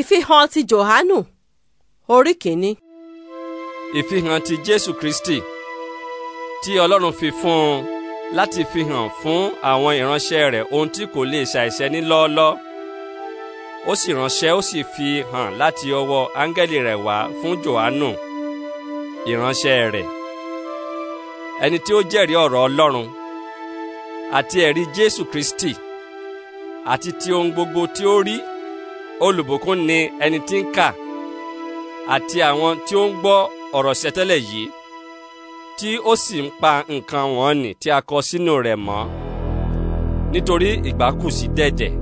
ìfihàn ti johanu orí kìíní. ìfihàn ti jésù kristi tí ọlọ́run fi fún un láti fihàn fún àwọn ìránṣẹ́ rẹ̀ ohun tí kò lè ṣàìṣẹ ní lọ́ọ́lọ́ ó sì ránṣẹ́ ó sì fi hàn láti ọwọ́ áńgẹ́lì rẹ̀ wá fún johanu ìránṣẹ́ rẹ̀ ẹni tí ó jẹ́rìí ọ̀rọ̀ ọlọ́run àti ẹ̀rí jésù kristi àti ti ohun gbogbo tí ó rí olùbùkún ni ẹni tí ń kà àti àwọn tí ó ń gbọ́ ọ̀rọ̀ ṣẹtẹ́lẹ̀ yìí tí ó sì ń pa nǹkan wọn nì tí a kọ sínú rẹ̀ mọ́ nítorí ìgbà kù sí dẹ̀dẹ̀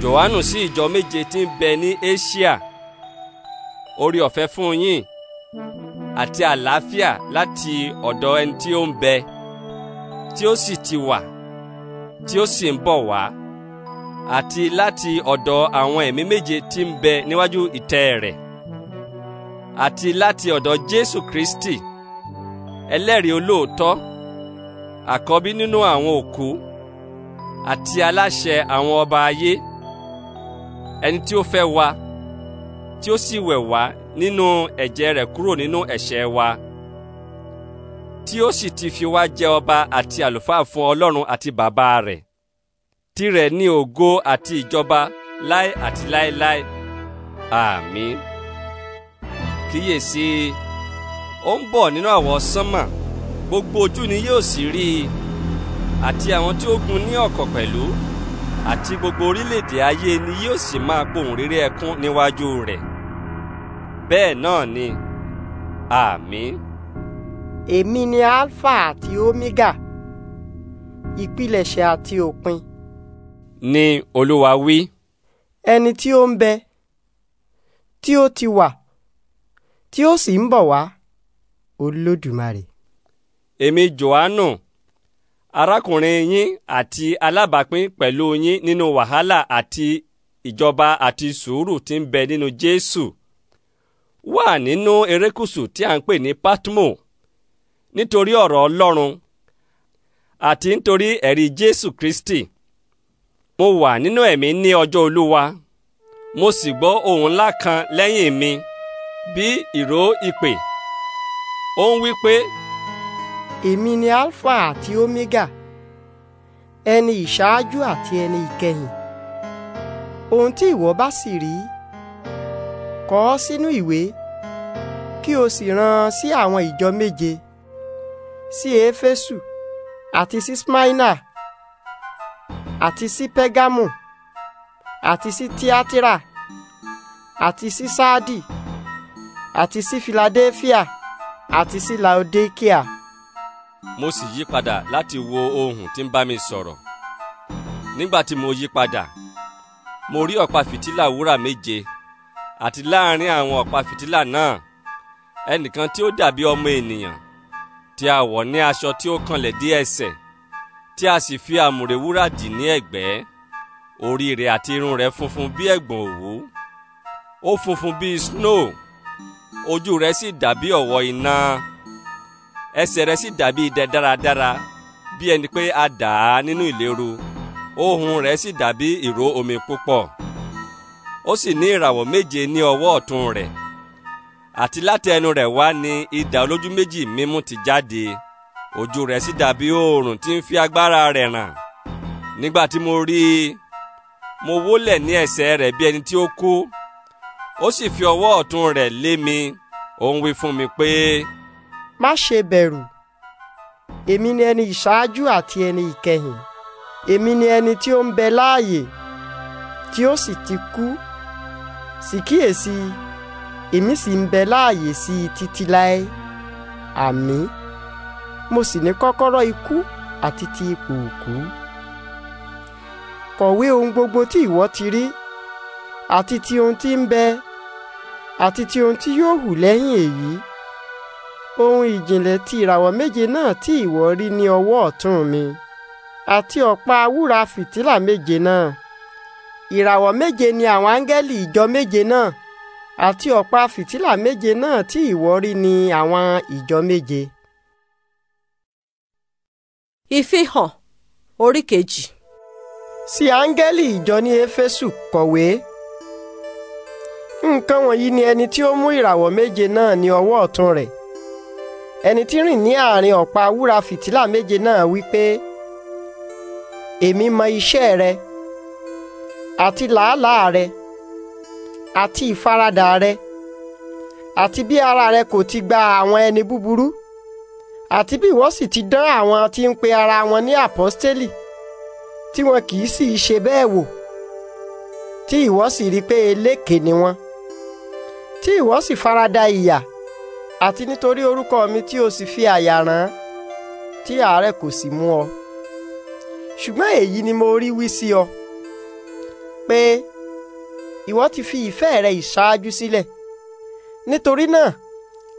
Jòhánù sí ìjọ méje tí ń bẹ ní Éṣíà orí ọ̀fẹ́ fún yín àti àlàáfíà láti ọ̀dọ̀ ẹni tí ó ń bẹ tí ó sì ti wà tí ó sì ń bọ̀ wá. Wa àti láti ọ̀dọ̀ àwọn ẹ̀mí méje tí ń bẹ níwájú ìtẹ́ rẹ̀ àti láti ọ̀dọ̀ Jésù Kristi ẹlẹ́rìí olóòótọ́ àkọ́bí nínú àwọn òkú àti aláṣẹ àwọn ọba ayé ẹni tí ó fẹ́ wa tí ó sì wẹ̀ wá nínú ẹ̀jẹ̀ rẹ̀ kúrò nínú ẹ̀ṣẹ̀ wa tí ó sì ti fi wá jẹ ọba àti àlùfáà fún Ọlọ́run àti bàbá rẹ̀ Tìrẹ ni ògo àti ìjọba láé àti láéláé. Àmín. Kíyèsí, ó ń bọ̀ nínú àwọsánmà, gbogbo ojú ni yóò sì rí i, àti àwọn tí ó gún ní ọ̀kọ̀ pẹ̀lú, àti gbogbo orílẹ̀-èdè ayé ni yóò sì máa pohùn réré ẹkún níwájú rẹ̀. Bẹ́ẹ̀ náà ni. Àmín. Èmi ni Alpha àti Omega, ìpilẹ̀ṣẹ̀ àti òpin ni Olúwa wí. ẹni tí ó ń bẹ tí ó ti wà tí ó sì ń bọ̀ wá Olódùmarè. èmi Jòhánù arákùnrin yín àti alábàápín pẹ̀lú yín nínú wàhálà àti ìjọba àti sùúrù tí ń bẹ nínú Jésù wà nínú erékùṣù tí a ń pè ní Patmo nítorí ọ̀rọ̀ Ọlọ́run àti nítorí ẹ̀rí Jésù Kristi mo wà nínú ẹ̀mí ní ọjọ́ olúwa mo sì gbọ́ ohùn ńlá kan lẹ́yìn mi bí ìró ìpè ó ń wí pé. èmi ni alpha àti omega ẹni ìṣáájú àti ẹni ìkẹyìn ohun tí ìwọ bá sì rí kọ ọ́ sínú ìwé kí o sì rán sí àwọn ìjọ méje sí éfésù àti sí smyrna àti sí pẹ́gámù àti sí tíátírà àti sí sáàdì àti sí filadelfia àti sí laodikia. mo sì yí padà láti wo ohùn tí ń bá mi sọ̀rọ̀ nígbà tí mo yí padà mo rí ọ̀pá fìtílà wúrà méje àti láàrin àwọn ọ̀pá fìtílà náà ẹnìkan tí ó dàbí ọmọ ènìyàn tí a wọ̀ ní aṣọ tí ó kanlẹ̀ dé ẹsẹ̀ tí a sì fi àmùrè wúrà dì ní ẹ̀gbẹ́ orí rẹ̀ àti irun rẹ̀ funfun bí ẹ̀gbọ̀n òwú ó funfun bíi snow ojú rẹ̀ sì dàbí ọ̀wọ́ iná ẹsẹ̀ rẹ̀ sì dàbí idẹ dáradára bí ẹni pé a dà á nínú ìléru ohùn rẹ̀ sì dàbí ìró omi púpọ̀ ó sì ní ìràwọ̀ méje ní ọwọ́ ọ̀tún rẹ̀ àti láti ẹnu rẹ̀ wá ni idà olójú méjì mímú ti jáde ojú rẹ̀ sì dàbí oòrùn tí ń fi agbára rẹ̀ ràn nígbà tí mo rí i mo wólẹ̀ ní ẹsẹ̀ rẹ̀ bí ẹni tí ó kú ó sì fi ọwọ́ ọ̀tún rẹ̀ lé mi ó ń wí fún mi pé. má ṣe bẹ̀rù èmi ni ẹni ìṣáájú àti ẹni ìkẹyìn èmi ni ẹni tí ó ń bẹ láàyè tí ó sì ti kú sì kíyèsí èmi sì ń bẹ láàyè sí i títí láé àmín mo sì ní kọ́kọ́rọ́ ikú àti ti ipò òkú. kọ̀wé ohun gbogbo tí ìwọ ti rí àti ti ohun tí ń bẹ àti ti ohun tí yóò hù lẹ́yìn èyí ohun ìjìnlẹ̀ ti ìràwọ̀ méje náà tí ìwọ rí ní ọwọ́ ọ̀tún mi àti ọ̀pá wúrà fìtílà méje náà ìràwọ̀ méje ni àwọn áńgẹ́lì ìjọ méje náà àti ọ̀pá fìtílà méje náà tí ìwọ rí ní àwọn ìjọ méje ìfihàn orí kejì. sí áńgẹ́lì ìjọ ní éfésù kọ̀wé. nǹkan wọ̀nyí ni ẹni tí ó mú ìràwọ̀ méje náà ní ọwọ́ ọ̀tún rẹ̀. ẹni tí rìn ní àárín ọ̀pá wúrà fìtílà méje náà wí pé èmi mọ iṣẹ́ rẹ àti làálàá rẹ àti ìfaradà rẹ àti bí ara rẹ kò ti gba àwọn ẹni búburú àti bí ìwọ sì ti dán àwọn tí ń pe ara wọn ní àpọ́stélì tí wọn kì í sì í ṣe bẹ́ẹ̀ wò tí ìwọ sì rí pé eléke ni wọn tí ìwọ sì farada ìyà àti nítorí orúkọ mi tí o sì fi àyà rán tí àárẹ̀ kò sì mú ọ ṣùgbọ́n èyí ni mo rí wí sí ọ pé ìwọ ti fi ìfẹ́ rẹ ìṣáájú sílẹ̀ nítorí náà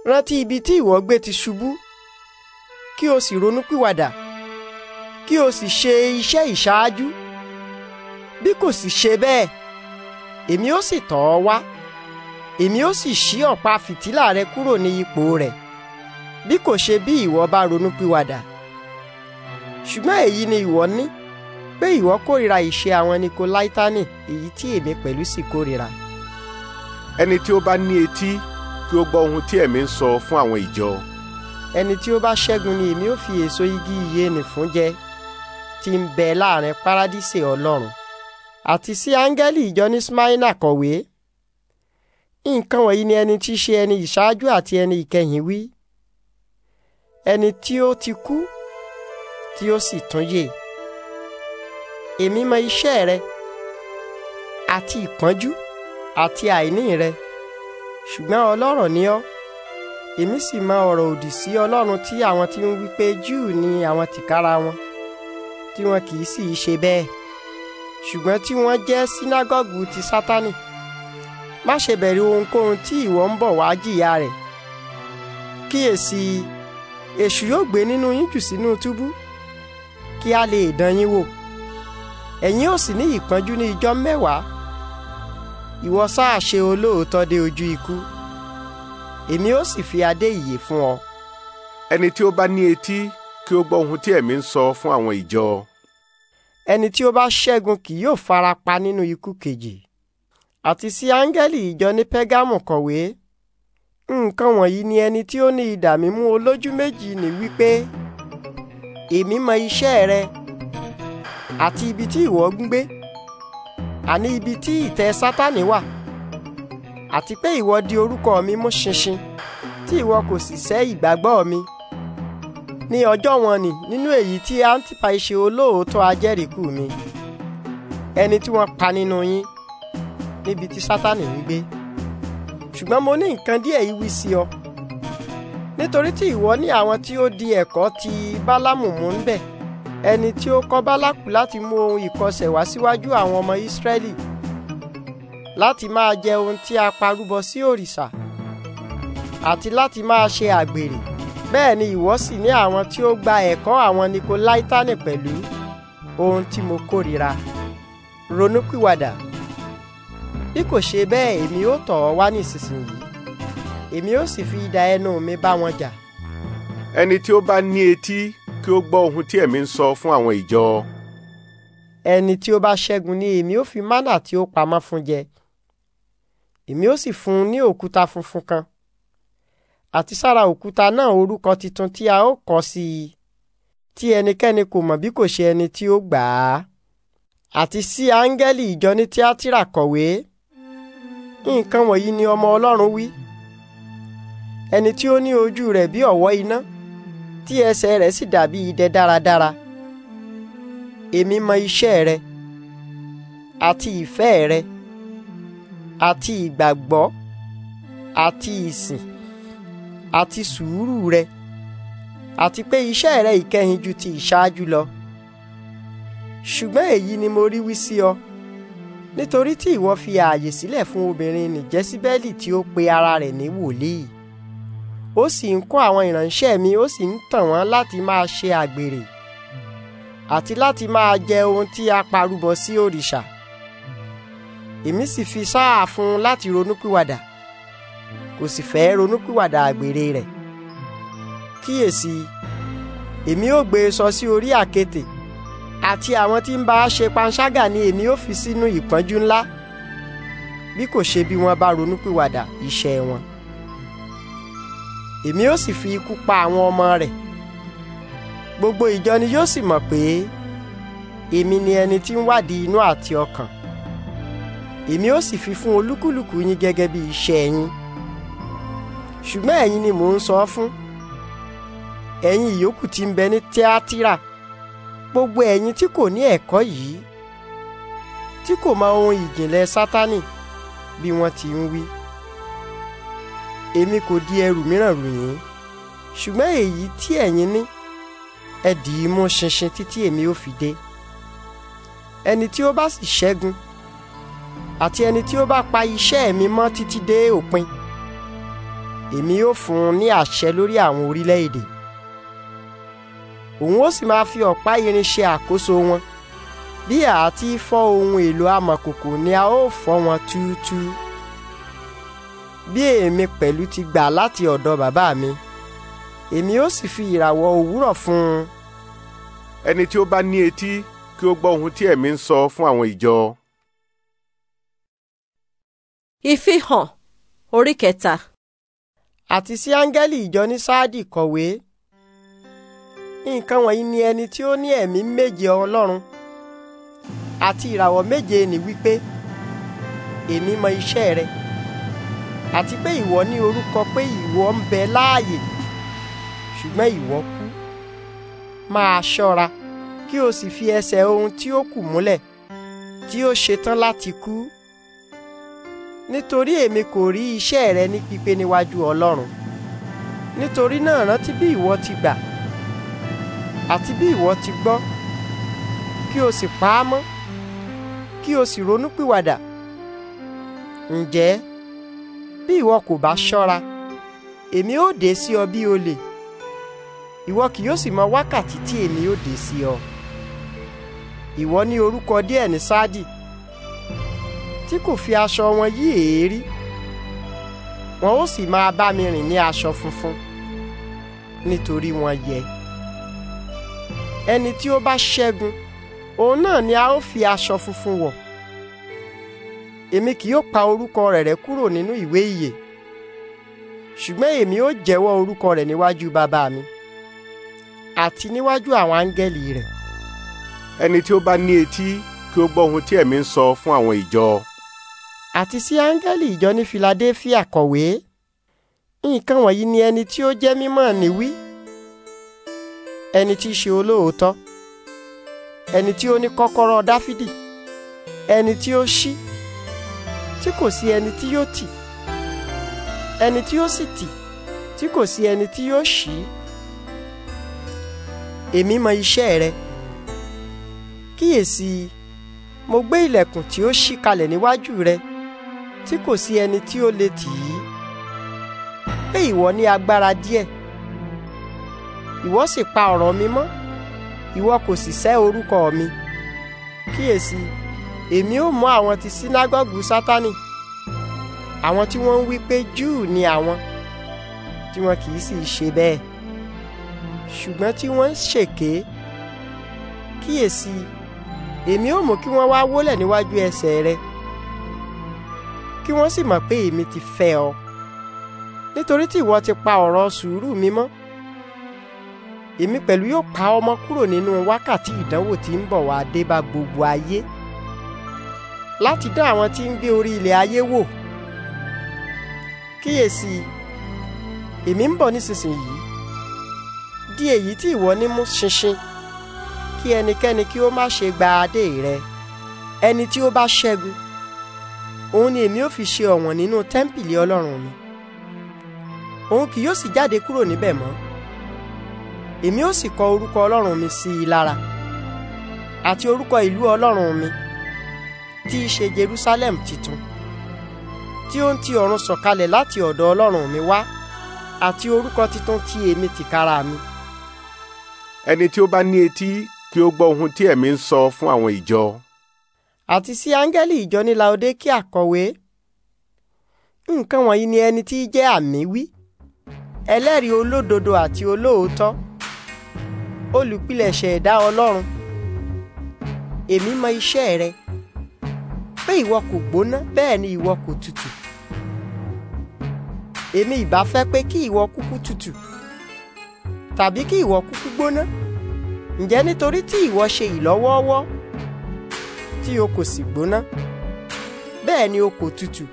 rántí ibi tí ìwọ gbé ti ṣubú kí o sì ronúpìwàdà kí o sì ṣe iṣẹ́ ìṣáájú bí kò sì ṣe bẹ́ẹ̀ èmi ó sì tọ̀ ọ́ wá èmi ó sì ṣí ọ̀pá fìtílà rẹ kúrò ní ipò rẹ̀ bí kò ṣe bí ìwọ bá ronúpìwàdà ṣùgbọ́n èyí ni ìwọ ní pé ìwọ kórìíra ìṣe àwọn nikolaitani èyí tí èmi pẹ̀lú sì kórìíra. ẹni tí ó bá ní etí kí ó gbọ́ ohun tí ẹ̀mí ń sọ fún àwọn ìjọ ẹni tí ó bá ṣẹ́gun ni èmi ó fi èso igi ìyè nì fún jẹ tí ń bẹ láàrin párádísè ọlọ́run àti sí áńgẹ́lì ìjọ ní smaina kọ̀wé nǹkan wọ̀nyí ni ẹni tí í ṣe ẹni ìṣáájú àti ẹni ìkẹyìn wí ẹni tí ó ti kú tí ó sì tún yè èmi mọ iṣẹ́ rẹ àti ìpọ́njú àti àìní rẹ ṣùgbọ́n ọlọ́rọ̀ ni ọ́ èmi sì mọ ọ̀rọ̀ òdì sí Ọlọ́run tí àwọn tí ń wí Júù ni àwọn tìkára wọn tí wọn kì í sì í ṣe bẹ́ẹ̀ ṣùgbọ́n tí wọ́n jẹ́ sínágọ́gù ti Sátánì má ṣe bẹ̀rù ohunkóhun tí ìwọ ń bọ̀ wá jìyà rẹ̀ kíyèsí èṣù yóò gbé nínú yín jù sínú túbú kí a lè dán yín wò ẹ̀yin ò sì ní ìpọ́njú ní ijọ́ mẹ́wàá ìwọ sáà ṣe olóòótọ́ dé ojú ikú èmi ó sì fi adé ìyè fún ọ. ẹni tí ó bá ní etí kí ó gbọ́ ohun tí ẹ̀mí ń sọ fún àwọn ìjọ. ẹni tí ó bá ṣẹ́gun kì yóò fara pa nínú ikú kejì. àti sí áńgẹ́lì ìjọ ní pẹ́gámù kọ̀wé. nǹkan wọ̀nyí ni ẹni tí ó ní idà mímú olójú méjì ní wípé èmi mọ iṣẹ́ rẹ àti ibi tí ìwọ gbé àní ibi tí ìtẹ́ sátánì wà àti pé ìwọ di orúkọ mi mú ṣinṣin tí ìwọ kò sì sẹ́ ìgbàgbọ́ mi ní ọjọ́ wọn ni nínú èyí tí Antipa ṣe olóòótọ́ ajẹ́rìíkù mi ẹni tí wọ́n pa nínú yín níbi tí Sátánì ń gbé ṣùgbọ́n mo ní nǹkan díẹ̀ yìí wí sí ọ nítorí tí ìwọ ní àwọn tí ó di ẹ̀kọ́ ti Bálámù mú ń bẹ̀ ẹni tí ó kọ́ Bálákù láti mú ohun ìkọsẹ̀ wá síwájú àwọn ọmọ Ísírẹ́lì láti máa jẹ ohun tí a parúbọ sí òrìṣà àti láti máa ṣe àgbèrè bẹ́ẹ̀ ni ìwọ sì ní àwọn tí ó gba ẹ̀kọ́ àwọn Nikolaitani pẹ̀lú ohun tí mo kórìíra ronúpìwàdà bí kò ṣe bẹ́ẹ̀ èmi ó tọ̀ ọ́ wá nísinsìnyí èmi ó sì fi idà ẹnu mi bá wọn jà. ẹni tí ó bá ní etí kí ó gbọ́ ohun tí ẹ̀mí ń sọ fún àwọn ìjọ. ẹni tí ó bá ṣẹ́gun ni èmi ó fi mánà tí ó pamọ́ fún jẹ èmi ó sì fún un ní òkúta funfun kan àti sára òkúta náà orúkọ titun tí a ó kọ sí i tí ẹnikẹ́ni kò mọ̀ bí kò ṣe ẹni tí ó gbà á àti sí áńgẹ́lì ìjọ ní tíátírà kọ̀wé nǹkan wọ̀nyí ni ọmọ ọlọ́run wí ẹni tí ó ní ojú rẹ̀ bí ọ̀wọ́ iná tí ẹsẹ̀ rẹ̀ sì dàbí idẹ dáradára èmi mọ iṣẹ́ rẹ àti ìfẹ́ rẹ àti ìgbàgbọ́ àti ìsìn àti sùúrù rẹ àti pé iṣẹ́ rẹ ìkẹyìn ju ti ìṣáájú lọ ṣùgbọ́n èyí ni mo rí wí sí ọ nítorí tí ìwọ fi ààyè sílẹ̀ fún obìnrin nìjẹ́síbẹ́lì tí ó pe ara rẹ̀ ní wòlíì ó sì ń kó àwọn ìránṣẹ́ mi ó sì ń tàn wọ́n láti máa ṣe àgbèrè àti láti máa jẹ ohun tí a parúbọ sí òrìṣà. Si èmi sì fi sáà fún un láti ronúpìwàdà kò sì fẹ́ ronúpìwàdà àgbèrè rẹ̀ kíyèsí èmi ó gbé e sọ sí orí àketè àti àwọn tí ń bá a ṣe panṣágà ni èmi ó fi sínú ìpọ́njú ńlá bí kò ṣe bí wọ́n bá ronúpìwàdà iṣẹ́ wọn èmi ó sì fi ikú pa àwọn ọmọ rẹ̀ gbogbo ìjọ ni yóò sì mọ̀ pé èmi ni ẹni tí ń wádìí inú àti ọkàn èmi ó sì fi fún olúkúlùkù yín gẹ́gẹ́ bí iṣẹ́ yín ṣùgbọ́n ẹ̀yin ni mò ń sọ fún ẹ̀yin ìyókù tí ń bẹ ní tíátírà gbogbo ẹ̀yin tí kò ní ẹ̀kọ́ yìí tí kò mọ ohun ìjìnlẹ̀ sátánì bí wọ́n ti ń wí èmi kò di ẹrù mìíràn rù yín ṣùgbọ́n èyí tí ẹ̀yin ní ẹ dì ṣinṣin títí èmi ó fi dé ẹni tí ó bá sì ṣẹ́gun àti ẹni tí ó bá pa iṣẹ́ mi mọ́ títí dé òpin èmi yóò fún un ní àṣẹ lórí àwọn orílẹ̀-èdè òun ó sì máa fi ọ̀pá irin ṣe àkóso wọn bí àti fọ́ ohun èlò amọ̀kòkò ni a ó fọ́ wọn túútúú bí èmi pẹ̀lú ti gbà láti ọ̀dọ̀ bàbá mi èmi ó sì fi ìràwọ̀ òwúrọ̀ fún un. ẹni tí ó bá ní etí kí ó gbọ́ ohun tí ẹ̀mí ń sọ fún àwọn ìjọ ìfihàn orí kẹta. àti sí áńgẹ́lì ìjọ ní sáàdì kọ̀wé nǹkan wọ̀nyí ni ẹni tí ó ní ẹ̀mí méje ọlọ́run àti ìràwọ̀ méje ni wípé èmi mọ iṣẹ́ rẹ àti pé ìwọ ní orúkọ pé ìwọ ń bẹ láàyè ṣùgbọ́n ìwọ kú máa ṣọ́ra kí o sì fi ẹsẹ̀ ohun tí ó kù múlẹ̀ tí ó ṣetán láti kú nítorí èmi kò rí iṣẹ́ rẹ ní pípé níwájú Ọlọ́run nítorí náà rántí bí ìwọ ti gbà àti bí ìwọ ti gbọ́ kí o sì pa á mọ́ kí o sì ronúpìwàdà ǹjẹ́ bí ìwọ kò bá ṣọ́ra èmi ó dé sí ọ bí olè ìwọ kì yóò sì mọ wákàtí tí èmi ó dé sí ọ ìwọ ní orúkọ díẹ̀ ní Sádì tí kò fi aṣọ wọn yí èérí wọn ó sì máa bá mi rìn ní aṣọ funfun nítorí wọn yẹ ẹni tí ó bá ṣẹ́gun òun náà ni a ó fi aṣọ funfun wọ̀ èmi kì yóò pa orúkọ rẹ̀ rẹ́ kúrò nínú ìwé ìyè ṣùgbọ́n èmi ó jẹ́wọ́ orúkọ rẹ̀ níwájú bàbá mi àti níwájú àwọn áńgẹ́lì rẹ̀. ẹni tí ó bá ní etí kí ó gbọ́ ohun tí ẹ̀mí ń sọ fún àwọn ìjọ àti sí áńgẹ́lì ìjọ ní filadelfia kọ̀wé nǹkan wọ̀nyí ni ẹni tí ó jẹ́ mímọ́ níwí ẹni tí í ṣe olóòótọ́ ẹni tí ó ní kọ́kọ́rọ́ dáfídì ẹni tí ó ṣí tí kò sí ẹni tí yóò tì ẹni tí ó sì tì tí kò sí ẹni tí yóò ṣí èmi mọ iṣẹ́ rẹ kíyèsí mo gbé ilẹ̀kùn tí ó ṣí kalẹ̀ níwájú rẹ tí kò sí ẹni tí ó lè tì í pé ìwọ ní agbára díẹ̀ ìwọ sì pa ọ̀rọ̀ mi mọ́ ìwọ kò sì sẹ́ orúkọ mi kíyèsí èmi ó mú àwọn ti sínágọ́gù sátánì àwọn tí wọ́n ń wí pé júù ni àwọn tí wọ́n kì í sì ṣe bẹ́ẹ̀ ṣùgbọ́n tí wọ́n ń ṣèké kíyèsí èmi ó mú kí wọ́n wá wólẹ̀ níwájú ẹsẹ̀ rẹ̀ kí wọ́n sì mọ̀ pé èmi ti fẹ́ ọ nítorí tí ìwọ ti pa ọ̀rọ̀ sùúrù mi mọ́ èmi pẹ̀lú yóò pa ọmọ kúrò nínú wákàtí ìdánwò tí ń bọ̀ wá dé bá gbogbo ayé láti dán àwọn tí ń gbé orí ilẹ̀ ayé wò kíyèsí èmi ń bọ̀ nísinsìnyí di èyí tí ìwọ ní mú ṣinṣin kí ẹnikẹ́ni kí ó má ṣe gba adé rẹ ẹni tí ó bá ṣẹ́gun òun ni èmi ó fi ṣe ọ̀wọ̀n nínú tẹ́ḿpìlì ọlọ́run mi òun kì yóò sì jáde kúrò níbẹ̀ mọ́ èmi ó sì kọ orúkọ ọlọ́run mi sí i lára àti orúkọ ìlú ọlọ́run mi tí í ṣe Jerusalem titun tí ó ń ti ọ̀run sọ̀kalẹ̀ láti ọ̀dọ̀ ọlọ́run mi wá àti orúkọ titun tí èmi tìkára mi. ẹni tí ó bá ní etí kí ó gbọ́ ohun tí ẹ̀mí ń sọ fún àwọn ìjọ. àti sí áńgẹ́lì ìjọ ní Laodikia kọ̀wé nǹkan wọ̀nyí ni ẹni tí í jẹ́ àmì wí ẹlẹ́rìí olódodo àti olóòótọ́ olùpilẹ̀ṣẹ̀ ẹ̀dá Ọlọ́run èmi mọ iṣẹ́ rẹ pé ìwọ kò gbóná bẹ́ẹ̀ ni ìwọ kò tutù èmi ìbá fẹ́ pé kí ìwọ kúkú tutù tàbí kí ìwọ kúkú gbóná ǹjẹ́ nítorí tí ìwọ ṣe ìlọ́wọ́ọ́wọ́ tí o kò sì gbóná bẹ́ẹ̀ ni o kò tutù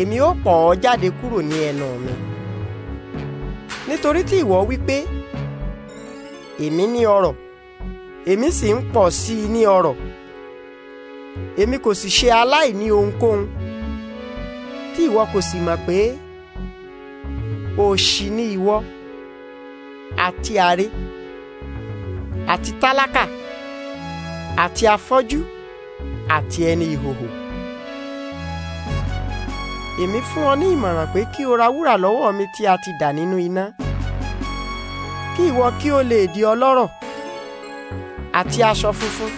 èmi ó pọ̀ ọ́ jáde kúrò ní ẹnu mi nítorí tí ìwọ wí pé èmi ní ọrọ̀ èmi sì ń pọ̀ sí i ní ọrọ̀ èmi kò sì ṣe aláìní ohunkóhun tí ìwọ kò sì mọ̀ pé òṣì ni ìwọ àti àrè àti tálákà àti afọ́jú àti ẹni ìhòhò. èmi fún ọ ní ìmọ̀ràn pé kí o ra wúrà lọ́wọ́ mi tí a ti dà nínú iná kí ìwọ kí o lè di ọlọ́rọ̀ àti aṣọ funfun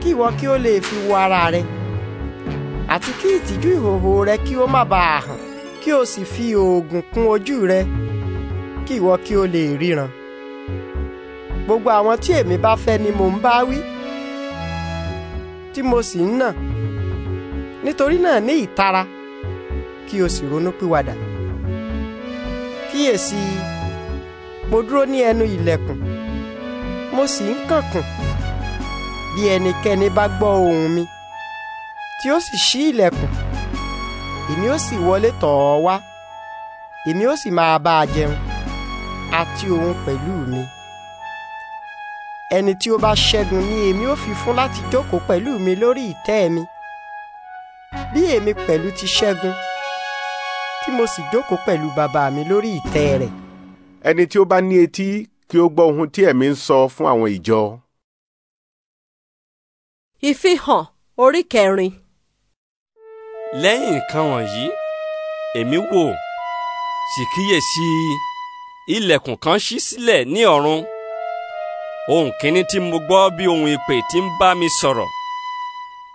kí ìwọ kí o lè fi wo ara rẹ àti kí ìtìjú ìhòhò rẹ kí ó má bàa hàn kí o sì fi oògùn kún ojú rẹ kí ìwọ kí o lè ríran gbogbo àwọn tí èmi bá fẹ́ ni mò ń bá wí tí mo sì ń nà nítorí náà ní ìtara kí o sì ronú pìwàdà kíyèsí mo dúró ní ẹnu ilẹ̀kùn mo sì ń kànkùn bí ẹnikẹ́ni bá gbọ́ ohùn mi tí ó sì ṣí ilẹ̀kùn èmi ó sì wọlé tọ̀ ọ́ wá èmi ó sì máa bá a jẹun àti òun pẹ̀lú mi ẹni tí ó bá ṣẹ́gun ni èmi ó fi fún láti jókòó pẹ̀lú mi lórí ìtẹ́ mi bí èmi pẹ̀lú ti ṣẹ́gun tí mo sì jókòó pẹ̀lú bàbá mi lórí ìtẹ́ rẹ̀. ẹni tí ó bá ní etí kí ó gbọ́ ohun tí ẹ̀mí ń sọ fún àwọn ìjọ. ìfihàn orí kẹrin. lẹ́yìn nǹkan wọ̀nyí èmi wò sì kíyèsí ilẹ̀kùn kan ṣí sílẹ̀ ní ọ̀run ohun kìíní tí mo gbọ́ bí ohun ìpè tí ń bá mi sọ̀rọ̀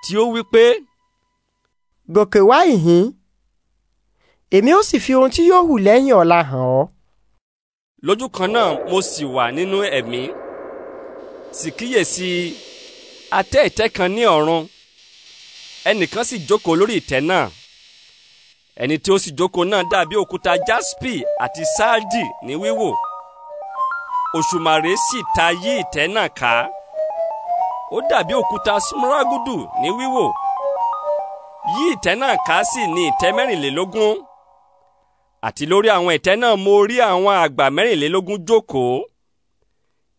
tí ó wí pé. gòkè wá ìhín èmi ó sì fi ohun tí yóò hù lẹ́yìn ọ̀la hàn ọ́. lójú kan náà mo sì wà nínú ẹ̀mí sì kíyèsí atẹ́ ìtẹ́ kan ní ọ̀run ẹnìkan sì jókòó lórí ìtẹ́ náà ẹni tí ó sì jókòó náà dàbí òkúta jaspi àti sardi ní wíwò òṣùmàrè sì ta yí ìtẹ́ náà ká ó dàbí òkúta smaragdu ní wíwò yí ìtẹ́ náà ká sì ní ìtẹ́ mẹ́rìnlélógún àti lórí àwọn ìtẹ́ náà mo rí àwọn àgbà mẹ́rìnlélógún jókòó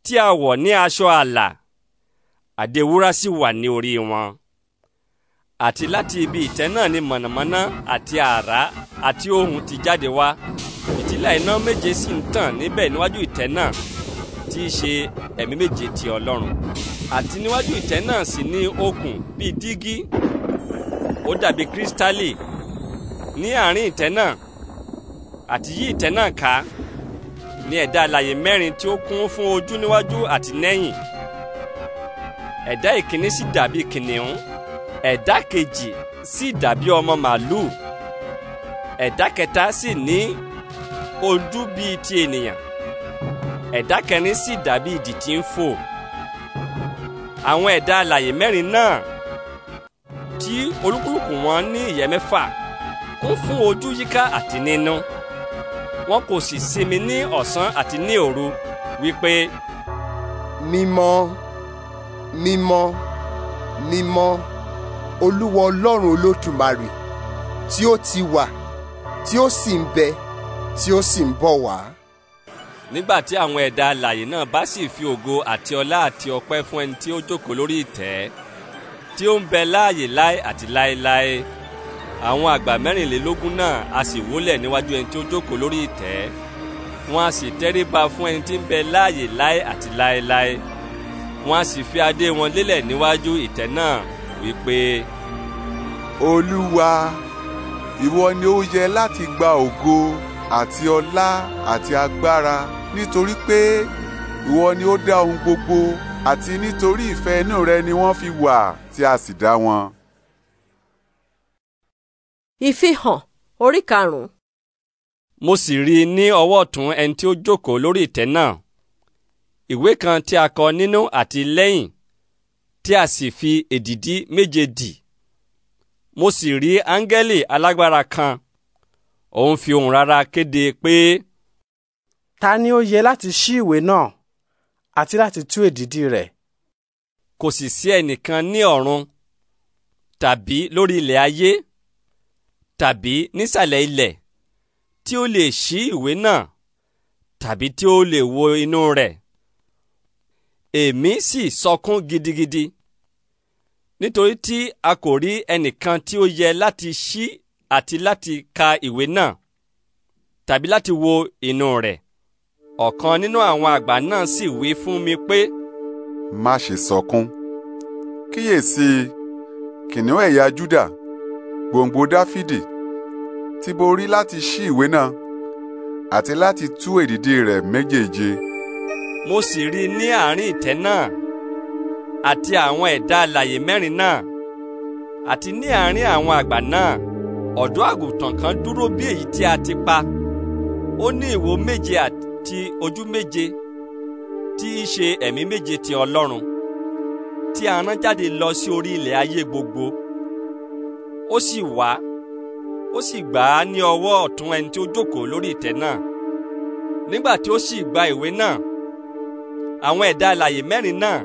tí a wọ̀ ní aṣọ àlà àdé sì wà ní orí wọn àti láti ibi ìtẹ́ náà ni mọ̀nàmọ́ná àti àrá àti ohùn ti jáde wá ìtìlá iná méje sì ń tàn níbẹ̀ níwájú ìtẹ́ náà tí í ṣe ẹ̀mí méje ti ọlọ́run àti níwájú ìtẹ́ náà sì ní okùn bíi dígí ó dàbí kírísítálì ní àárín ìtẹ́ náà àti yí ìtẹ́ náà ká ní ẹ̀dá alàyè mẹ́rin tí ó kún fún ojú níwájú àti lẹ́yìn ẹ̀dá ìkíní sì dàbí kìnìún ẹ̀dá kejì sì dàbí ọmọ màlúù ẹ̀dá kẹta sì ní ojú bíi ti ènìyàn ẹ̀dá kẹrin sì dàbí idì tí ń fò àwọn ẹ̀dá alàyè mẹ́rin náà tí olúkúlùkù wọn ní ìyẹ́ mẹ́fà kún fún ojú yíká àti nínú wọn kò sì sinmi ní ọ̀sán àti ní òru wípé. mímọ́ mímọ́ mímọ́ olúwa ọlọ́run olódùmarè tí ó ti wà tí ó sì ń bẹ tí ó sì ń bọ̀ wá nígbà tí àwọn ẹ̀dá alàyè náà bá sì fi ògo àti ọlá àti ọpẹ́ fún ẹni tí ó jókòó lórí ìtẹ́ tí ó ń bẹ láàyè láé àti láéláé àwọn àgbà mẹ́rìnlélógún náà a sì wólẹ̀ níwájú ẹni tí ó jókòó lórí ìtẹ́ wọ́n a sì tẹríba fún ẹni tí ń bẹ láàyè láé àti láéláé wọ́n a sì fi adé wọn lélẹ̀ níwájú ìtẹ́ náà wípé. olúwa ìwọ ni ó yẹ láti gba ògo àti ọlá àti agbára nítorí pé ìwọ ni ó dá ohun gbogbo àti nítorí ìfẹ́ inú rẹ ni wọ́n fi wà tí a sì dá wọn. ìfihàn orí karùn mo sì rí i ní ọwọ́ ọ̀tún ẹni tí ó jókòó lórí ìtẹ́ náà ìwé kan tí a kọ nínú àti lẹ́yìn tí a sì fi èdìdí méje dì mo sì rí áńgẹ́lì alágbára kan òun fi ohùn rara kéde pé ta ni ó yẹ láti ṣí ìwé náà àti láti tú èdìdì rẹ̀. kò sì sí ẹnìkan ní ọ̀run tàbí lórí ilẹ̀ ayé tàbí nísàlẹ̀ ilẹ̀ tí ó lè ṣí ìwé náà tàbí tí ó lè wo inú rẹ̀ èmi sì sọkún gidigidi nítorí tí a kò rí ẹnìkan tí ó yẹ láti ṣí àti láti ka ìwé náà tàbí láti wo inú rẹ̀ ọ̀kan nínú àwọn àgbà náà sì wí fún mi pé. má ṣe sọkún kíyèsí kìnìún ẹ̀yà Júdà gbòǹgbò Dáfídì ti borí láti ṣí ìwé náà àti láti tú èdìdì rẹ̀ méjèèje. mo sì rí i ní àárín ìtẹ́ náà àti àwọn ẹ̀dá alààyè mẹ́rin náà àti ní àárín àwọn àgbà náà ọ̀dọ́ àgùntàn kan dúró bí èyí tí a ti pa ó ní ìwo méje àti ti ojú méje tí í ṣe ẹ̀mí méje ti Ọlọ́run tí a rán jáde lọ sí orí ilẹ̀ ayé gbogbo ó sì wá ó sì gbà á ní ọwọ́ ọ̀tún ẹni tí ó jókòó lórí ìtẹ́ náà nígbà tí ó sì gba ìwé náà àwọn ẹ̀dá alààyè mẹ́rin náà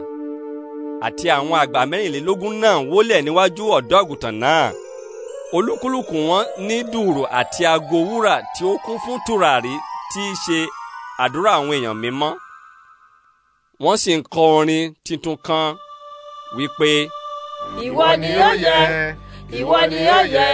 àti àwọn àgbà mẹ́rìnlélógún náà wólẹ̀ níwájú ọ̀dọ́ àgùntàn náà olúkúlùkù wọn ní dùùrù àti ago wúrà tí ó kún fún tùràrí tí í ṣe àdúrà àwọn èèyàn mímọ́ wọ́n sì ń kọ orin tuntun kan wípé. ìwọ ni ó yẹ ìwọ ni ó yẹ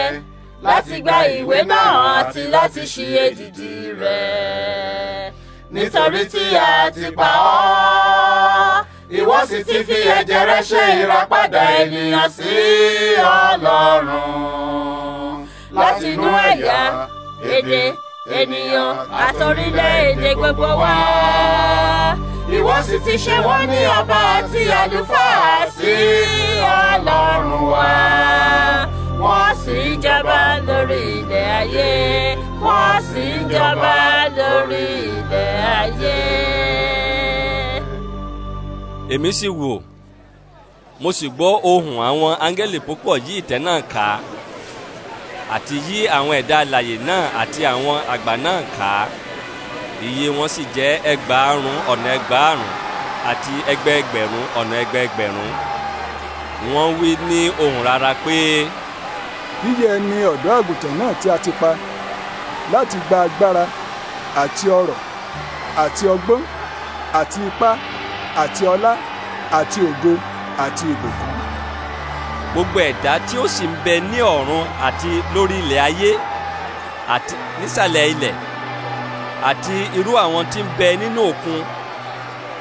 láti gba ìwé náà àti láti ṣí èdìdì rẹ̀ nítorí tí a ti pa ọ́ ìwọ sì ti fi ẹ̀jẹ̀ rẹ ṣe ìràpadà ènìyàn sí Ọlọ́run látinú ẹ̀yà èdè ènìyàn àtọ̀rílẹ̀-èdè gbogbo wá. ìwọ sì ti ṣe wọ́n ní ọba àti àlùfáà sí ọlọ́run wa. wọ́n sì ń lórí ilẹ̀ ayé. wọ́n sì ń lórí ilẹ̀ ayé. èmi sì wò mo sì gbọ́ ohùn àwọn áńgẹ́lì púpọ̀ yí ìtẹ́ náà ká àti yí àwọn ẹ̀dá alàyè náà àti àwọn àgbà náà ká iye wọn sì jẹ́ ẹgbàárún ọ̀nà ẹgbàárún àti ẹgbẹẹgbẹ̀rún ọ̀nà ẹgbẹẹgbẹ̀rún wọ́n wí ní ohùn rara pé. yíyẹ ni ọ̀dọ́ àgùntàn náà tí a ti pa láti gba agbára àti ọrọ̀ àti ọgbọ́n àti ipá àti ọlá àti ògo àti ìbùkún gbogbo ẹ̀dá tí ó sì ń bẹ ní ọ̀run àti lórí ilẹ̀ ayé àti nísàlẹ̀ ilẹ̀ àti irú àwọn tí ń bẹ nínú òkun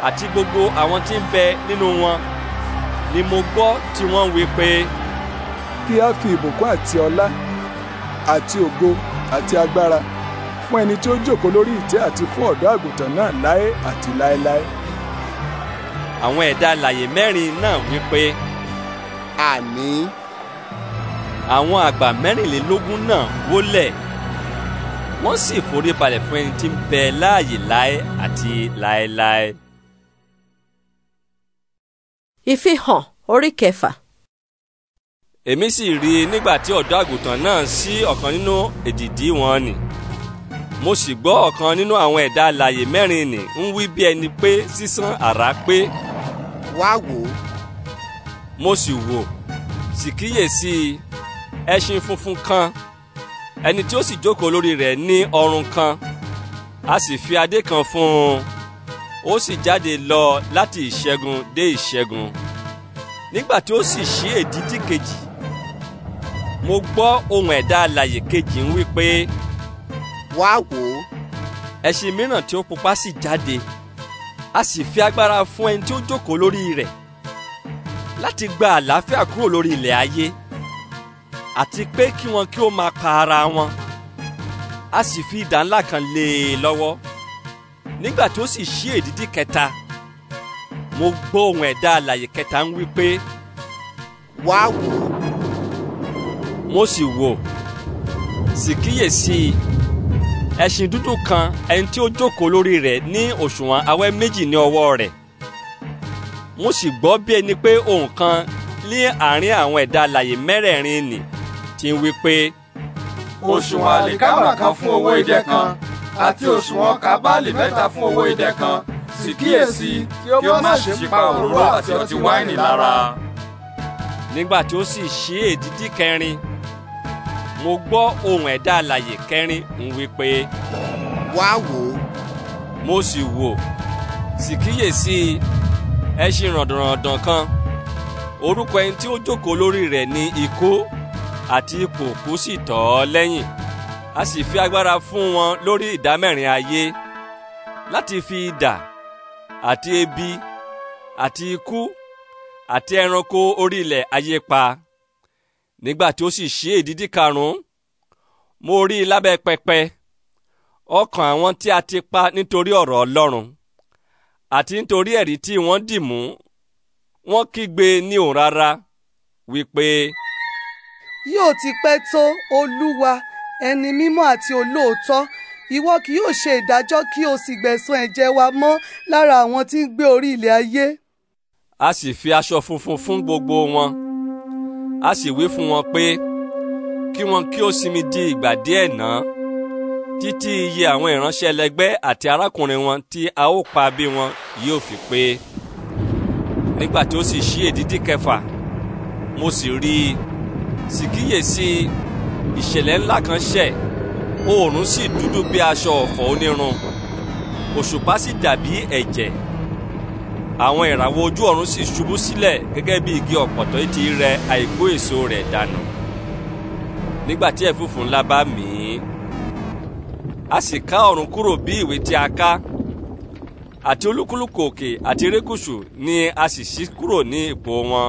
àti gbogbo àwọn tí ń bẹ nínú wọn ni mo gbọ́ tí wọ́n wí pé. kí a fi ìbùkún àti ọlá àti ògo àti agbára fún ẹni tí ó jókòó lórí ìtẹ́ àti fún ọ̀dọ́ àgùntàn náà láé àti láéláé. àwọn ẹ̀dá alààyè mẹ́rin náà wí pé àmín. àwọn àgbà mẹ́rìnlélógún náà wólẹ̀ wọ́n sì forí balẹ̀ fún ẹni tí ń bẹ láàyè láé àti láéláé. ìfihàn orí kẹfà. èmi sì rí i nígbà tí ọ̀dọ́ àgùntàn náà ṣí ọ̀kan nínú èdìdí wọn nì mo sì gbọ́ ọ̀kan nínú àwọn ẹ̀dá alààyè mẹ́rin nì ń wí bí ẹni pé sísán àrá pé. wá wò ó mo sì wò sì kíyèsí ẹṣin funfun kan ẹni tí ó sì jókòó lórí rẹ̀ ní ọrùn kan a sì fi adé kan fún un ó sì jáde lọ láti ìṣẹ́gun dé ìṣẹ́gun nígbà tí ó sì ṣí èdídì kejì mo gbọ́ ohùn ẹ̀dá alàyè kejì ń wí pé. wá wò ó. ẹṣin mìíràn tí ó pupa sì jáde a sì fi agbára fún ẹni tí ó jókòó lórí rẹ̀ láti gba àlàáfíà kúrò lórí ilẹ̀ ayé àti pé kí wọn kí ó máa pa ara wọn a sì fi idà ńlá kan lé e lọ́wọ́ nígbà tí ó sì ṣí èdídì kẹta mo gbọ́ ohùn ẹ̀dá alàyè kẹta ń wí pé wá wò mo sì wò sì kíyèsí i ẹṣin dúdú kan ẹni tí ó jókòó lórí rẹ̀ ní òṣùwọ̀n awẹ́ méjì ní ọwọ́ rẹ̀ mo sì gbọ́ bí ẹni pé ohùn kan ní àárín àwọn ẹ̀dá alàyè mẹ́rẹ̀ẹ̀rin nì tí ń wí pé. òṣùwọ̀n àlìkámà kan fún owó idẹ kan àti òṣùwọ̀n kábàlì mẹ́ta fún owó idẹ kan sì kíyèsí kí o má ṣe pa òróró àti ọtí wáìnì lára. nígbà tí ó sì ṣí èdídì kẹrin mo gbọ́ ohùn ẹ̀dá alàyè kẹrin ń wí pé. wá wò ó. mo sì wò sì kíyèsí i ẹṣin ràndànràndàn kan orúkọ ẹni tí ó jókòó lórí rẹ̀ ní ikó àti ipò kú sì tọ̀ ọ́ lẹ́yìn a sì fi agbára fún wọn lórí ìdámẹ́rin ayé láti fi idà àti ebi àti ikú àti ẹranko orí ilẹ̀ ayé pa nígbà tí ó sì ṣí èdídì karùn-ún mo rí i lábẹ́ pẹpẹ ọkàn àwọn tí a ti pa nítorí ọ̀rọ̀ Ọlọ́run àti nítorí ẹ̀rí tí wọ́n dì mú wọ́n kígbe ní òun rárá wípé. yóò ti pẹ́ tó olúwa ẹni mímọ́ àti olóòótọ́ ìwọ kì yóò ṣe ìdájọ́ kí o sì gbẹ̀san ẹ̀jẹ̀ wa mọ́ lára àwọn tí ń gbé orí ilẹ̀ ayé. a sì fi aṣọ funfun fún gbogbo wọn a sì wí fún wọn pé kí wọn kí ó sinmi di ìgbà díẹ̀ náà títí iye àwọn ìránṣẹ́ ẹlẹgbẹ́ àti arákùnrin wọn tí a ó pa bí wọn yóò fi pé nígbà tí ó sì ṣí èdídì kẹfà mo sì rí i sì kíyèsí ìṣẹ̀lẹ̀ ńlá kan ṣẹ̀ oòrùn sì dúdú bí aṣọ ọ̀fọ̀ onírun òṣùpá sì dàbí ẹ̀jẹ̀ àwọn ìràwọ̀ ojú ọ̀run sì ṣubú sílẹ̀ gẹ́gẹ́ bí igi ọ̀pọ̀tọ́ ti rẹ àìkó èso rẹ̀ dànù nígbà tí ẹ̀fúùfù ńlá bá mì a sì ká ọ̀run kúrò bí ìwé tí a ká àti olúkúlùkù òkè àti erékùṣù ni a sì ṣí kúrò ní ipò wọn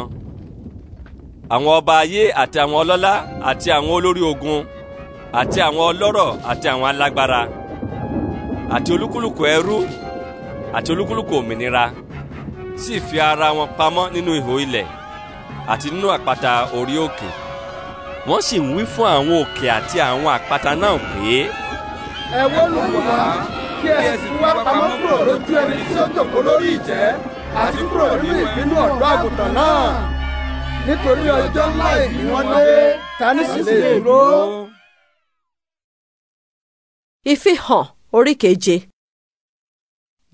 àwọn ọba ayé àti àwọn ọlọ́lá àti àwọn olórí ogun àti àwọn ọlọ́rọ̀ àti àwọn alágbára àti olúkúlùkù ẹrú àti olúkúlùkù òmìnira sì fi ara wọn pamọ́ nínú ihò ilẹ̀ àti nínú àpáta orí òkè wọ́n sì ń wí fún àwọn òkè àti àwọn àpáta náà pé ẹ wó lùwá kí ẹ sì wá pamọ́ kúrò lójú ẹni tí ó jòkó lórí ìjẹ́ àti kúrò nínú ìbínú ọ̀dọ́ àgùntàn náà nítorí ọjọ́ ńlá ìbínú dé ta ní dúró. ìfihàn orí keje.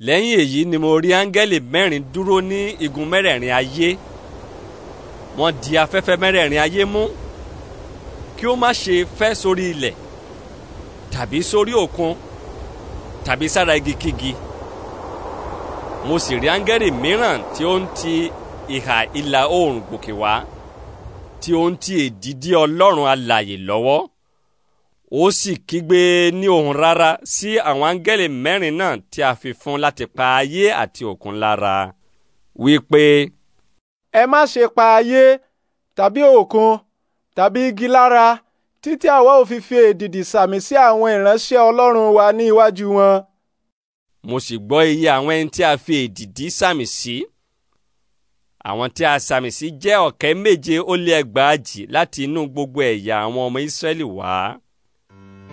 lẹ́yìn èyí ni mo rí áńgẹ́lì mẹ́rin dúró ní igun mẹ́rẹ̀ẹ̀rin ayé wọ́n di afẹ́fẹ́ mẹ́rẹ̀ẹ̀rin ayé mú kí ó má ṣe fẹ́ sórí ilẹ̀ tàbí sórí òkun tàbí sára igi kígi mo sì rí áńgẹ́lì mìíràn tí ó ń ti ìhà ìlà oòrùn gòkè wá tí ó ń ti èdìdí ọlọ́run alààyè lọ́wọ́ ó sì kígbe ní ohùn rárá sí àwọn áńgẹ́lì mẹ́rin náà tí a fi fún láti pa ayé àti òkun lára wípé. ẹ má ṣe pa ayé tàbí òkun tàbí igi lára títí àwa ò fi fi èdìdì sàmì sí àwọn ìránṣẹ́ Ọlọ́run wa ní iwájú wọn. Mo sì gbọ́ iye àwọn ẹni tí a fi èdìdì sàmì sí. Àwọn tí a sàmì sí jẹ́ ọ̀kẹ́ méje ó lé ẹgbàájì láti inú gbogbo ẹ̀yà àwọn ọmọ Ísírẹ́lì wá.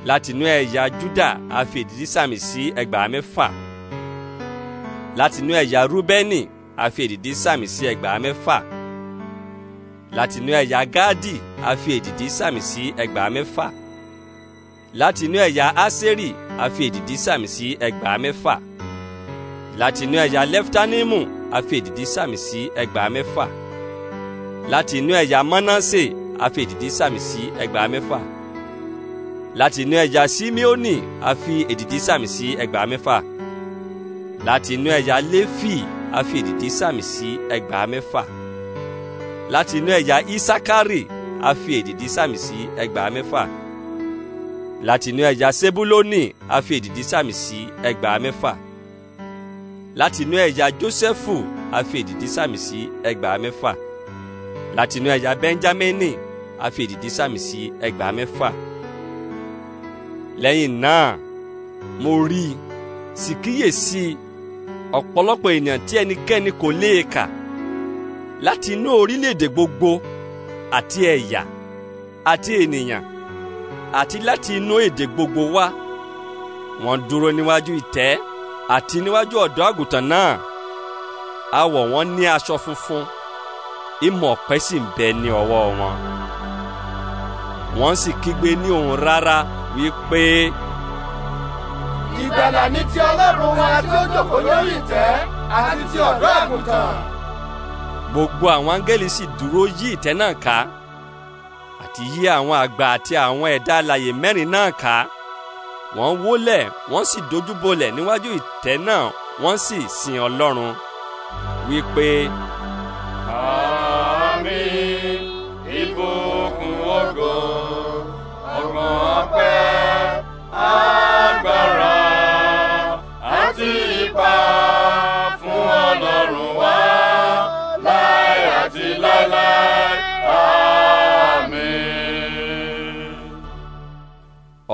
Láti inú ẹ̀yà Júdà a fi èdìdì sàmì sí ẹgbàá mẹ́fà. Láti inú ẹ̀yà Rúbẹ́nì a fi èdìdì sàmì sí ẹgbàá mẹ́fà látinú ẹ̀yà gáàdì a fi èdìdì sàmì sí ẹgbàá mẹ́fà látinú ẹ̀yà ásérì a fi èdìdì sàmì sí ẹgbàá mẹ́fà látinú ẹ̀yà lẹ́ftánímù a fi èdìdì sàmì sí ẹgbàá mẹ́fà látinú ẹ̀yà mọ́násè a fi èdìdì sàmì sí ẹgbàá mẹ́fà látinú ẹ̀yà símíọ́nì a fi èdìdì sàmì sí ẹgbàá mẹ́fà látinú ẹ̀yà léfì a fi èdìdì sàmì sí ẹgbàá mẹ́fà láti inú ẹ̀yà isakari a fi èdìdì sàmì sí ẹgbàá mẹ́fà láti inú ẹ̀yà sebuloni a fi èdìdì sàmì sí ẹgbàá mẹ́fà láti inú ẹ̀yà josephu a fi èdìdì sàmì sí ẹgbàá mẹ́fà láti inú ẹ̀yà benjamini a fi èdìdì sàmì sí ẹgbàá mẹ́fà lẹ́yìn náà mo rí sì kíyèsí ọ̀pọ̀lọpọ̀ ènìyàn tí ẹnikẹ́ni kò lè kà láti inú orílẹ̀-èdè gbogbo àti ẹ̀yà àti ènìyàn àti láti inú èdè gbogbo wá wọ́n dúró níwájú ìtẹ́ àti níwájú ọ̀dọ́ àgùntàn náà àwọ̀ wọn ní aṣọ funfun ìmọ̀ ọ̀pẹ sì ń bẹ ní ọwọ́ wọn wọ́n sì kígbe ní ohùn rárá wípé. ìgbàlà ni ti ọlọ́run wa tí ó lórí ìtẹ́ àti ti ọ̀dọ́ àgùntàn gbogbo àwọn áńgẹ́lì sì dúró yí ìtẹ́ náà ká àti yí àwọn àgbà àti àwọn ẹ̀dá alàyè mẹ́rin náà ká wọ́n wólẹ̀ wọ́n sì dojúbolẹ̀ níwájú ìtẹ́ náà wọ́n sì sin Ọlọ́run wípé.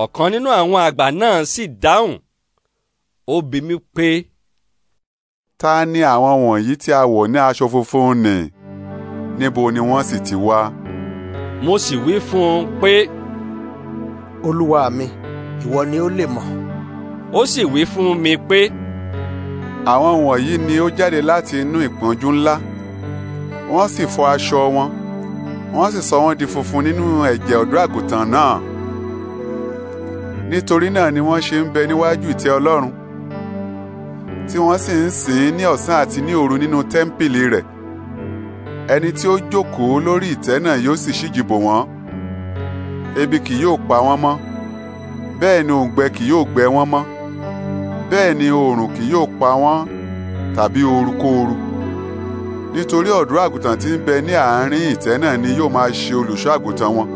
ọ̀kan nínú àwọn àgbà náà sì dáhùn ó bi mí pé. ta ni àwọn wọ̀nyí tí a wọ̀ ní aṣọ funfun nì níbo ni wọ́n sì ti wá. mo sì wí fún un pé. olúwa mi ìwọ ni ó lè mọ̀. ó sì wí fún mi pé. àwọn wọ̀nyí ni ó jáde láti inú ìpọ́njú ńlá wọ́n sì fọ aṣọ wọn wọ́n sì sọ wọ́n di funfun nínú ẹ̀jẹ̀ ọ̀dọ́ àgùntàn náà nítorí náà ni wọ́n ṣe ń bẹ níwájú ìtẹ́ Ọlọ́run tí wọ́n sì ń sìn ín ní ọ̀sán àti ní òru nínú tẹ́ḿpìlì rẹ̀ ẹni tí ó jókòó lórí ìtẹ́ náà yóò sì ṣíji bò wọ́n ebi kì yóò pa wọ́n mọ́ bẹ́ẹ̀ ni òǹgbẹ kì yóò gbẹ wọ́n mọ́ bẹ́ẹ̀ ni oòrùn kì yóò pa wọ́n tàbí orukóoru nítorí ọ̀dọ́ àgùntàn tí ń bẹ ní àárín ìtẹ́ náà ni yóò máa ṣe olùṣọ́ àgùntàn wọn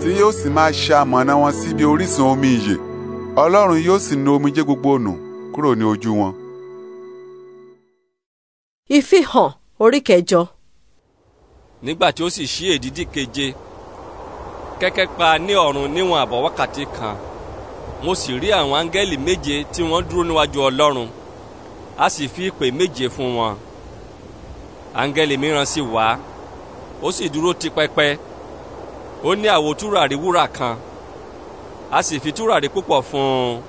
tí yóò sì máa ṣe amọ̀nà wọn síbi orísun omi ìyè ọlọ́run yóò sì nu omijé gbogbo nù kúrò ní ojú wọn. ìfihàn orí kẹjọ. nígbà tí ó sì ṣí èdídì keje kẹ́kẹ́ pa ní ọ̀run níwọ̀n àbọ̀ wákàtí kan mo sì rí àwọn áńgẹ́lì méje tí wọ́n dúró níwájú ọlọ́run a sì fi ìpè méje fún wọn áńgẹ́lì mìíràn sì wá ó sì dúró ti pẹpẹ ó ní àwo tùràrí wúrà kan a sì fi tùràrí púpọ̀ fún un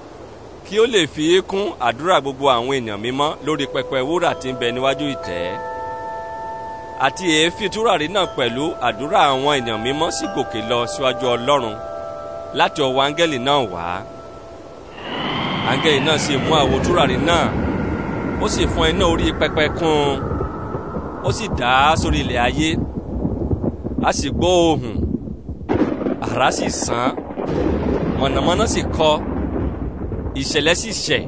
kí ó lè fi kún àdúrà gbogbo àwọn èèyàn mímọ́ lórí pẹpẹ wúrà tí ń bẹ níwájú ìtẹ́ àti èéfín tùràrí náà pẹ̀lú àdúrà àwọn èèyàn mímọ́ sì gòkè lọ síwájú ọlọ́run láti ọwọ́ áńgẹ́lì náà wá áńgẹ́lì náà sì mú àwo tùràrí náà ó sì fọ́n iná orí pẹpẹ kún ó sì dà sórí ilẹ̀ ayé a sì gbọ́ ohùn àrá sì sán mọ̀nàmọ́ná sì kọ ìṣẹ̀lẹ̀ sì ṣẹ̀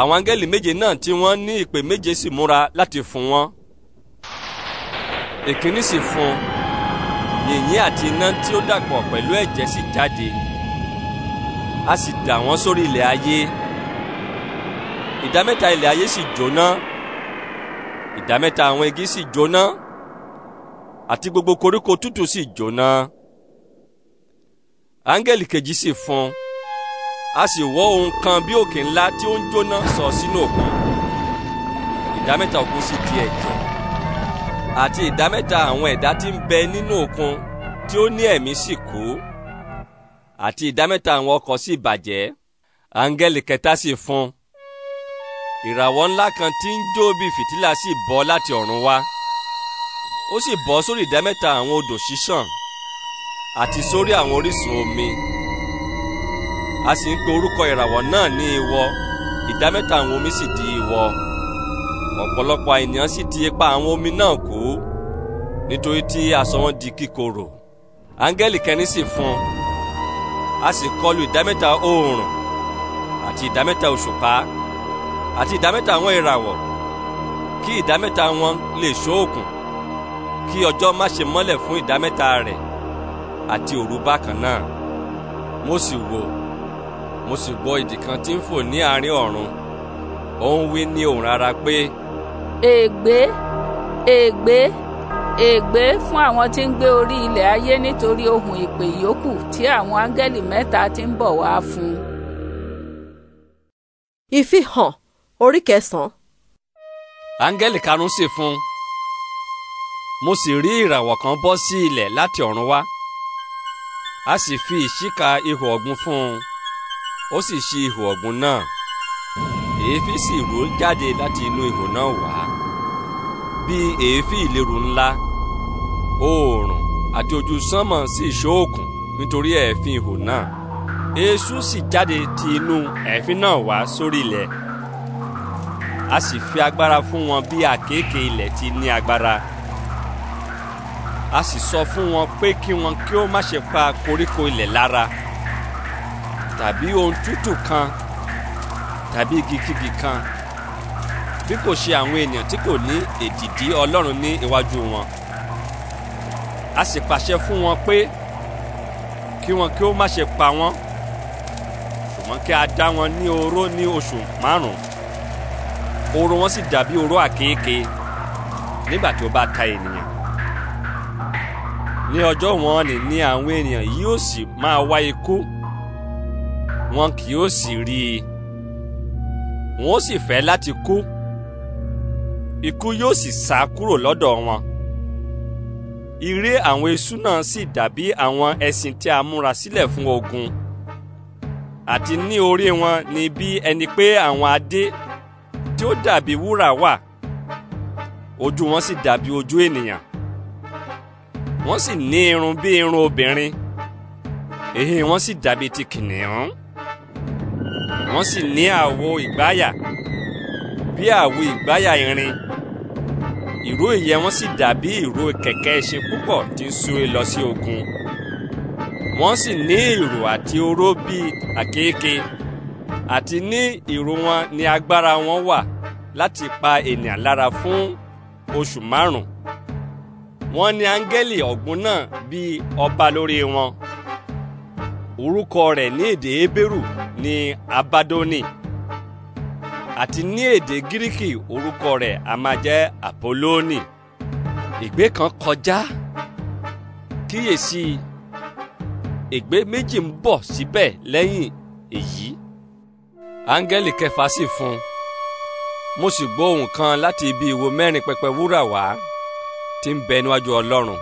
àwọn áńgẹ́lì méje náà tí wọ́n ní ìpè méje sì múra láti fún wọn èkíní sì fún yìnyín àti iná tí ó dàpọ̀ pẹ̀lú ẹ̀jẹ̀ sì jáde a sì dà wọ́n sórí ilẹ̀ ayé ìdámẹ́ta ilẹ̀ ayé sì jóná ìdámẹ́ta àwọn igi sì jóná àti gbogbo koríko tútù sì jóná áńgẹ́lì kejì sì fún a sì wọ́ ohun kan bí òkè ńlá tí ó ń jóná sọ sínú òkun ìdá mẹ́ta òkun sì di ẹ̀jẹ̀ àti ìdá mẹ́ta àwọn ẹ̀dá tí ń bẹ nínú òkun tí ó ní ẹ̀mí sì kú àti ìdá àwọn ọkọ̀ sì bàjẹ́ áńgẹ́lì kẹta sì fún ìràwọ̀ ńlá kan tí ń jó bí fìtílà sì bọ́ láti ọ̀run wá ó sì bọ́ sórí ìdámẹ́ta àwọn odò ṣíṣàn àti sórí àwọn orísun omi a sì ń pe orúkọ ìràwọ̀ náà ní ìwọ ìdámẹ́ta àwọn omi sì di ìwọ ọ̀pọ̀lọpọ̀ ènìyàn sì ti ipa àwọn omi náà kú nítorí tí aṣọ wọn di kíkorò áńgẹ́lì kẹrin sì fún un a sì kọlu ìdámẹ́ta oòrùn àti ìdámẹ́ta òṣùpá àti ìdámẹ́ta àwọn ìràwọ̀ kí ìdámẹ́ta wọn lè ṣóòkùn kí ọjọ́ má ṣe mọ́lẹ̀ fún ìdá mẹ́ta rẹ̀ àti òru bákan náà mo sì wò mo sì gbọ́ idì kan tí ń fò ní àárín ọ̀run ó ń wí ní òun rárá pé. ègbé ègbé ègbé fún àwọn tí ń gbé orí ilẹ̀ ayé nítorí ohun ìpè ìyókù tí àwọn áńgẹ́lì mẹ́ta ti ń bọ̀ wá fún. ìfihàn orí kẹsàn-án. áńgẹ́lì karùn-ún sì fún un mo sì rí ìràwọ̀ kan bọ́ sí ilẹ̀ láti ọ̀run wá a sì fi ìṣíka ihò ọ̀gbun fún un ó sì ṣí ihò ọ̀gbun náà èéfín sì rú jáde láti inú ihò náà wá bí èéfín ìléru ńlá oòrùn àti ojú sánmọ̀ sì ṣóòkùn nítorí ẹ̀fín ihò náà èésú sì jáde ti inú ẹ̀fín náà wá sórí ilẹ̀ a sì fi agbára fún wọn bí àkéékè ilẹ̀ ti ní agbára a sì sọ fún wọn pé kí wọn kí ó má ṣe pa koríko ilẹ̀ lára tàbí ohun tútù kan tàbí igikígi kan bí kò ṣe àwọn ènìyàn tí kò ní èdìdí ọlọ́run ní iwájú wọn a sì pàṣẹ fún wọn pé kí wọn kí ó má ṣe pa wọn ṣùgbọ́n kí a dá wọn ní oró ní oṣù márùn-ún oró wọn sì dàbí oró àkéékèé nígbà tí ó bá ta ènìyàn ní ọjọ́ wọn ni ní àwọn ènìyàn yóò sì máa wá ikú wọn kì yóò sì rí i wọn ó sì fẹ́ láti kú ikú yóò sì sá kúrò lọ́dọ̀ wọn ìré àwọn eṣú náà sì dàbí àwọn ẹṣin tí a múra sílẹ̀ fún ogun àti ní orí wọn ni bí ẹni pé àwọn adé tí ó dàbí wúrà wà ojú wọn sì dàbí ojú ènìyàn wọ́n sì ní irun bí irun obìnrin èhè wọ́n sì dàbí ti kìnìún wọ́n sì ní àwo ìgbáyà bí àwo ìgbáyà irin ìró ìyẹ́ wọn sì dàbí ìró kẹ̀kẹ́ ṣe púpọ̀ tí ń súré lọ sí ogun wọ́n sì ní ìró àti oró bíi àkééke àti ní ìró wọn ni agbára wọn wà láti pa ènìyàn lára fún oṣù márùn-ún wọ́n ní áńgẹ́lì ọ̀gbun náà bíi ọba lórí wọn orúkọ rẹ̀ ní èdè hébérù ní abadoni àti ní èdè gíríkì orúkọ rẹ̀ a máa jẹ́ apoloni ègbé kan kọjá kíyèsí ègbé méjì ń bọ̀ síbẹ̀ lẹ́yìn èyí áńgẹ́lì kẹfà sì fún un mo sì gbọ́ ohùn kan láti ibi ìwo mẹ́rin pẹpẹ wúrà wá tí ń bẹ níwájú ọlọ́run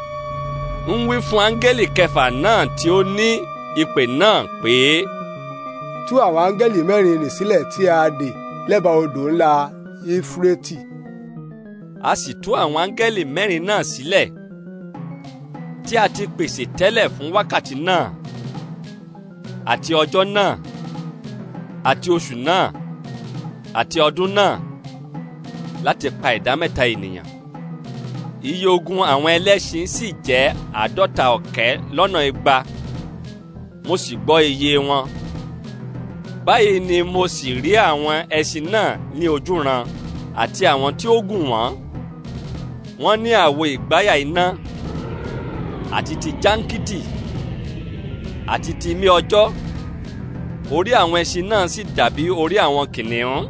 ń wí fún áńgẹ́lì kẹfà náà tí ó ní ìpè náà pé. tú àwọn áńgẹ́lì mẹ́rin rìn sílẹ̀ tí a dè lẹ́bàá odò ńlá éfúrẹ́tì. a sì tú àwọn áńgẹ́lì mẹ́rin náà sílẹ̀ tí a ti pèsè tẹ́lẹ̀ fún wákàtí náà àti ọjọ́ náà àti oṣù náà àti ọdún náà láti pa ìdá mẹ́ta ènìyàn iye ogun àwọn ẹlẹ́ṣin sì jẹ́ àádọ́ta ọ̀kẹ́ lọ́nà igba mo sì gbọ́ iye wọn báyìí ni mo sì rí àwọn ẹṣin náà ní ojúran àti àwọn tí ó gùn wọ́n wọ́n ní àwo ìgbáyà iná àti ti jáńkìtì àti ti imí ọjọ́ orí àwọn ẹṣin náà sì dàbí orí àwọn kìnìún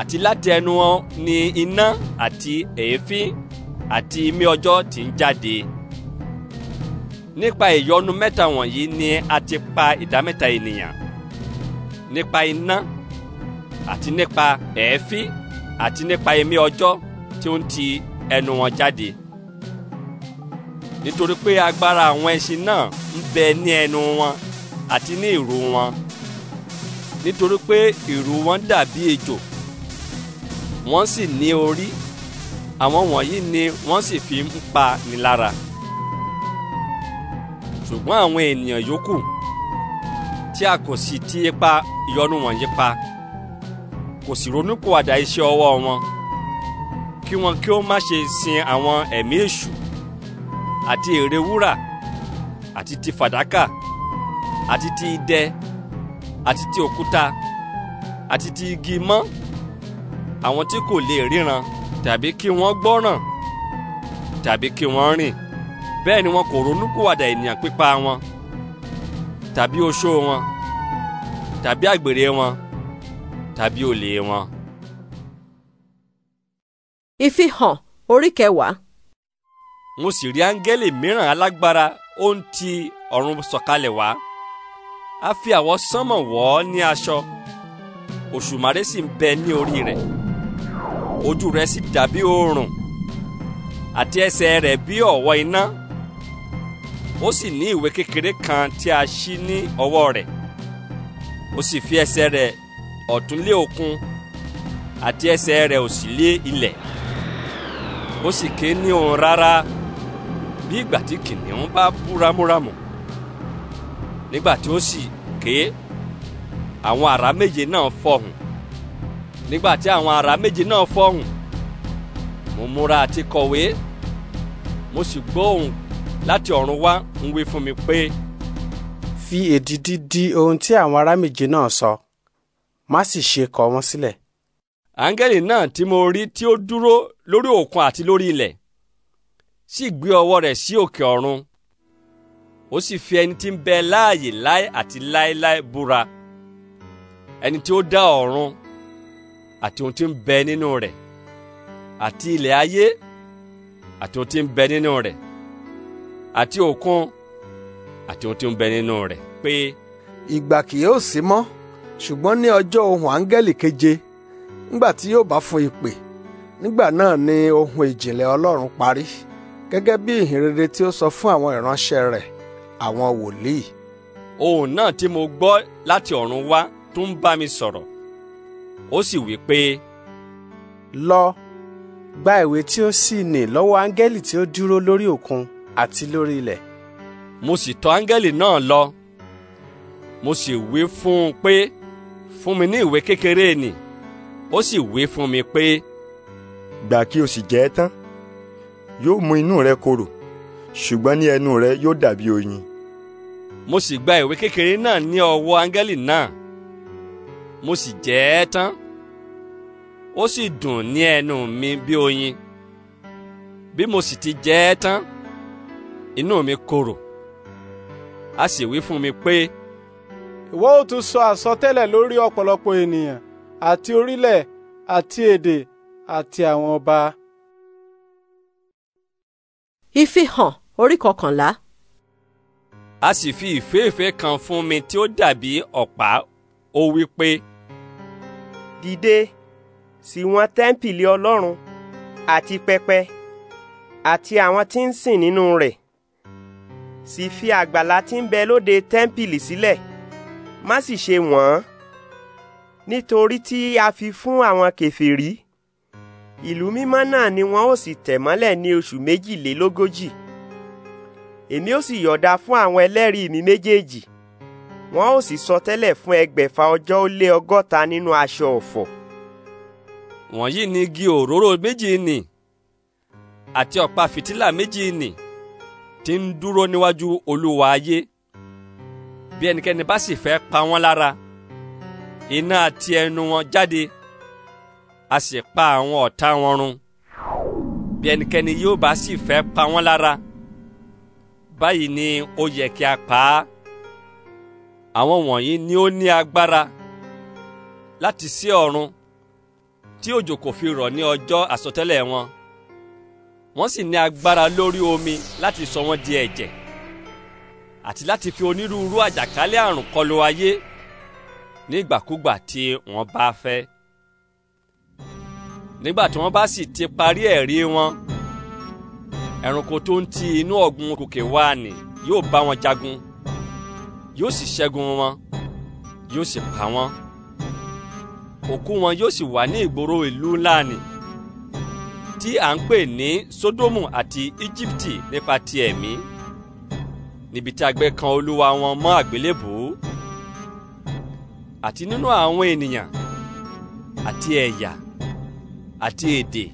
àti láti ẹnu wọn ni iná àti èéfín àti imí ọjọ́ tí ń jáde nípa ìyọnu mẹ́ta wọ̀nyí ni a ti pa ìdámẹ́ta ènìyàn nípa iná àti nípa èéfín àti nípa imí ọjọ́ tí ó ń ti ẹnu wọn jáde nítorí pé agbára àwọn ẹṣin náà ń bẹ ní ẹnu wọn àti ní ìrù wọn nítorí pé ìrù wọn dàbí ejò wọ́n sì ní orí àwọn wọ̀nyí ni wọ́n sì fi ń pa ni lára ṣùgbọ́n àwọn ènìyàn yòókù tí a kò sì ti ipa ìyọnu wọ̀nyí pa kò sì ronúpìwàdà iṣẹ́ ọwọ́ wọn kí wọn kí ó má ṣe sin àwọn ẹ̀mí èṣù àti ère wúrà àti ti fàdákà àti ti idẹ àti ti òkúta àti ti igi mọ́ àwọn tí kò lè ríran tàbí kí wọ́n gbọ́ràn tàbí kí wọ́n rìn bẹ́ẹ̀ ni wọn kò ronúkúwàdà ènìyàn pípa wọn tàbí oṣó wọn tàbí àgbèrè wọn tàbí olè wọn. ìfihàn orí kẹwàá. mo sì rí áńgẹ́lì mìíràn alágbára ó ń ti ọ̀run sọ̀kalẹ̀ wá a fi àwọ̀ sánmọ̀ wọ̀ ọ́ ní aṣọ òṣùmàrè sì ń bẹ ní orí rẹ̀ ojú rẹ̀ sì dàbí oòrùn àti ẹsẹ̀ rẹ̀ bí ọ̀wọ́ iná ó sì ní ìwé kékeré kan tí a ṣí ní ọwọ́ rẹ̀ ó sì fi ẹsẹ̀ rẹ̀ ọ̀tún lé òkun àti ẹsẹ̀ rẹ̀ òsì lé ilẹ̀ ó sì ké ní ohùn rárá bí ìgbà tí kìnìún bá bú nígbà tí ó sì ké àwọn àrá méje náà fọhùn nígbà tí àwọn ará méjì náà fọhùn mo múra àti kọ̀wé mo sì gbóhùn láti ọ̀run wá ń wí fún mi pé. fi èdìdì di ohun tí àwọn ará méjì náà sọ má sì ṣe kọ wọn sílẹ̀. áńgẹ́lì náà tí mo rí tí ó dúró lórí òkun àti lórí ilẹ̀ sì gbé ọwọ́ rẹ̀ sí òkè ọ̀run ó sì fi ẹni tí ń bẹ láàyè láé àti láéláé búra ẹni tí ó dá ọ̀run àti ohun tí ń bẹ nínú rẹ̀ àti ilẹ̀ ayé àti ohun tí ń bẹ nínú rẹ̀ àti òkun àti ohun tí ń bẹ nínú rẹ̀ pé. ìgbà kì yóò sí mọ́ ṣùgbọ́n ní ọjọ́ ohùn áńgẹ́lì keje nígbà tí yóò bá fún ìpè nígbà náà ni ohun ìjìnlẹ̀ ọlọ́run parí gẹ́gẹ́ bí ìhìnrere tí ó sọ fún àwọn ìránṣẹ́ rẹ̀ àwọn wòlíì. ohùn náà tí mo gbọ́ láti ọ̀run wá tún bá mi sọ̀rọ̀ ó sì wí pé. lọ gba ìwé tí ó ṣì nì lọ́wọ́ áńgẹ́lì tí ó dúró lórí òkun àti lórí ilẹ̀. mo sì tọ̀ áńgẹ́lì náà lọ mo sì wí fún un pé fún mi ní ìwé kékeré nì ó sì wí fún mi pé. gbà kí o sì jẹ ẹ́ tán yóò mú inú rẹ korò ṣùgbọ́n ní ẹnu rẹ yóò dàbí oyin. mo sì gba ìwé kékeré náà ní ọwọ́ áńgẹ́lì náà mo sì jẹ ẹ́ tán ó sì dùn ní ẹnu mi bí oyin bí mo sì ti jẹ ẹ́ tán inú mi korò a sì wí fún mi pé. ìwọ ó tún sọ àsọtẹ́lẹ̀ lórí ọ̀pọ̀lọpọ̀ ènìyàn àti orílẹ̀ àti èdè àti àwọn ọba. ìfihàn orí kọkànlá. a sì fi ìféèfé kan fún mi tí ó dàbí ọ̀pá ó wí pé. dìde sì wọ́n tẹ́ḿpìlì Ọlọ́run àti pẹpẹ àti àwọn tí ń sìn nínú rẹ̀ sì fi àgbàlá tí ń bẹ lóde tẹ́ḿpìlì sílẹ̀ má sì ṣe wọ́n nítorí tí a fi fún àwọn kèfèrí ìlú mímọ́ náà ni wọ́n ó sì tẹ̀ mọ́lẹ̀ ní oṣù méjìlélógójì èmi ó sì yọ̀dá fún àwọn ẹlẹ́rìí mi méjèèjì wọ́n ó sì sọtẹ́lẹ̀ fún ẹgbẹ̀fà ọjọ́ ó lé ọgọ́ta nínú aṣọ ọ̀fọ̀ wọ̀nyí ni igi òróró méjì nì àti ọ̀pá fìtílà méjì nì tí ń dúró níwájú olúwa ayé bí ẹnikẹ́ni bá sì fẹ́ pa wọ́n lára iná àti ẹnu wọn jáde a sì pa àwọn ọ̀tá wọn run bí ẹnikẹ́ni yóò bá sì fẹ́ pa wọ́n lára báyìí ni ó yẹ kí a pa á àwọn wọ̀nyí ni ó ní agbára láti sí ọ̀run tí òjò kò fi rọ̀ ní ọjọ́ àsọtẹ́lẹ̀ wọn wọ́n sì ní agbára lórí omi láti sọ wọ́n di ẹ̀jẹ̀ àti láti fi onírúurú àjàkálẹ̀ àrùn kọlu ayé nígbàkúgbà tí wọ́n bá fẹ́ nígbà tí wọ́n bá sì ti parí ẹ̀rí wọn ẹranko tó ń ti inú ọ̀gbun kòkè wá nì yóò bá wọn jagun yóò sì ṣẹ́gun wọn yóò sì pa wọ́n òkú wọn yóò sì wà ní ìgboro ìlú ńlá ni tí à ń pè ní Sódómù àti Íjíbítì nípa ti ẹ̀mí níbi tí agbẹ́ kan olúwa wọn mọ́ àgbélébùú àti nínú àwọn ènìyàn àti ẹ̀yà àti èdè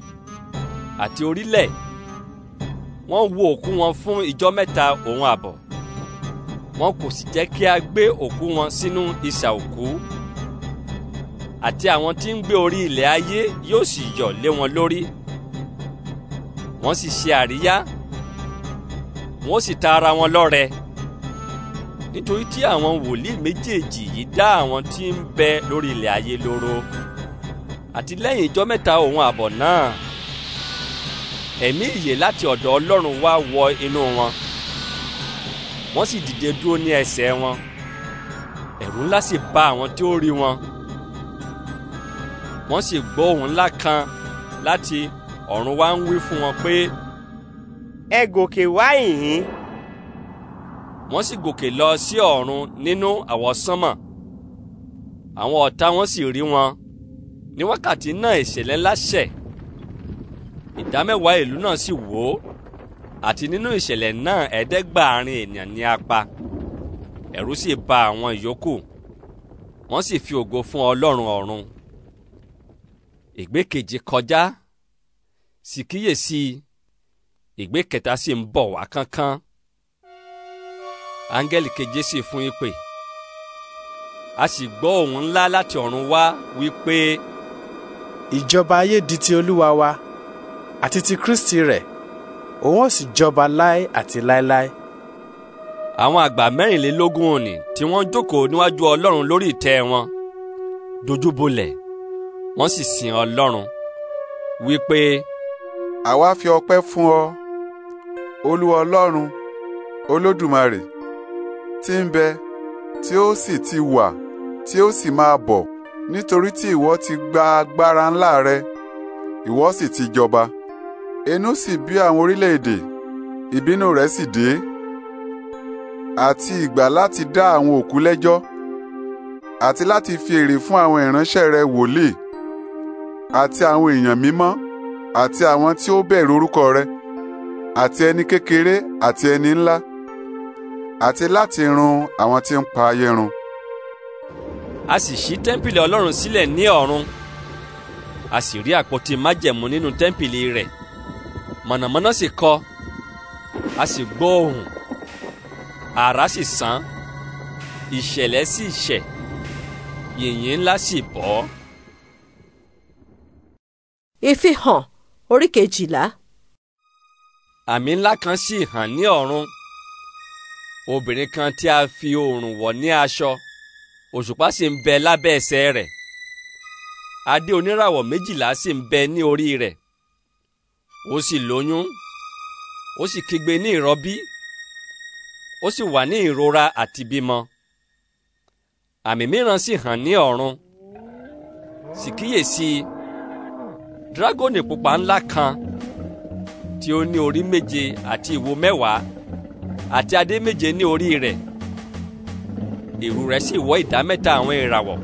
àti orílẹ̀ wọ́n wo òkú wọn fún ìjọ mẹ́ta òun àbọ̀ wọn kò sì jẹ́ kí a gbé òkú wọn sínú isà òkú àti àwọn tí ń gbé orí ilẹ̀ ayé yóò sì yọ̀ lé wọn lórí wọ́n sì ṣe àríyá wọ́n sì ta ara wọn lọ́rẹ nítorí tí àwọn wòlíì méjèèjì yìí dá àwọn tí ń bẹ lórí ilẹ̀ ayé lóró àti lẹ́yìn ìjọ mẹ́ta òun àbọ̀ náà ẹ̀mí ìyè láti ọ̀dọ̀ Ọlọ́run wá wọ inú wọn wọ́n sì dìde dúró ní ẹsẹ̀ wọn ẹ̀rù ńlá sì bà àwọn tí ó rí wọn wọ́n sì gbọ́ ohùn ńlá kan láti ọ̀run wá ń wí fún wọn pé. ẹ gòkè wá ìhín. wọ́n sì gòkè lọ sí ọ̀run nínú àwọsánmọ̀ àwọn ọ̀tá wọn sì rí wọn ní wákàtí náà ìṣẹ̀lẹ̀ ńlá ṣẹ̀ ìdámẹ́wàá ìlú náà sì wó àti nínú ìṣẹ̀lẹ̀ náà ẹ̀ẹ́dẹ́gbàárin ènìyàn ní apá ẹ̀rù sì bà àwọn ìyókù wọ́n sì fi ògo fún ọlọ́run ọ̀run ìgbékejì kọjá sì kíyèsí ìgbé kẹta sì ń bọ̀ wá kánkán áńgẹ́lì keje sì fún ìpè a sì gbọ́ ohùn ńlá láti ọ̀run wá wípé. ìjọba ayé di ti olúwa wa àti ti kristi rẹ̀ òun ó sì jọba láé àti láéláé. àwọn àgbà mẹ́rìnlélógún òní tí wọ́n jókòó níwájú ọlọ́run lórí ìtẹ́ wọn dojúbolẹ̀ wọ́n sì sin Ọlọ́run wípé. àwa fi ọpẹ́ fún ọ Olúwa Ọlọ́run Olódùmarè tí ń bẹ tí ó sì ti wà tí ó sì máa bọ̀ nítorí tí ìwọ ti gba agbára ńlá rẹ ìwọ sì ti jọba inú sì bí àwọn orílẹ̀-èdè ìbínú rẹ sì dé àti ìgbà láti dá àwọn òkú lẹ́jọ́ àti láti fi èrè fún àwọn ìránṣẹ́ rẹ wòlíì àti àwọn èèyàn mímọ́ àti àwọn tí ó bẹ̀rù orúkọ rẹ àti ẹni kékeré àti ẹni ńlá àti láti run àwọn tí ń pa ayé run. a sì ṣí tẹ́ḿpìlì ọlọ́run sílẹ̀ ní ọ̀run a sì rí àpótí májẹ̀mú nínú tẹ́ḿpìlì rẹ̀ mọ̀nàmọ́ná sì kọ a sì gbọ́ ohùn àrá sì sán ìṣẹ̀lẹ̀ sì ṣẹ̀ yìnyín ńlá sì bọ́ ìfihàn orí kejìlá. àmì ńlá kan sì hàn ní ọ̀run obìnrin kan tí a fi oòrùn wọ̀ ní aṣọ òṣùpá sì ń bẹ lábẹ́ ẹsẹ̀ rẹ̀ adé oníràwọ̀ méjìlá sì ń bẹ ní orí rẹ̀ ó sì lóyún ó sì kígbe ní ìrọbí ó sì wà ní ìrora àti bímọ àmì mìíràn sì hàn ní ọ̀run sì kíyèsí i dragoni pupa ńlá kan tí ó ní orí méje àti ìwo mẹ́wàá àti adé méje ní orí rẹ̀ ìrù rẹ̀ sì wọ́ ìdá mẹ́ta àwọn ìràwọ̀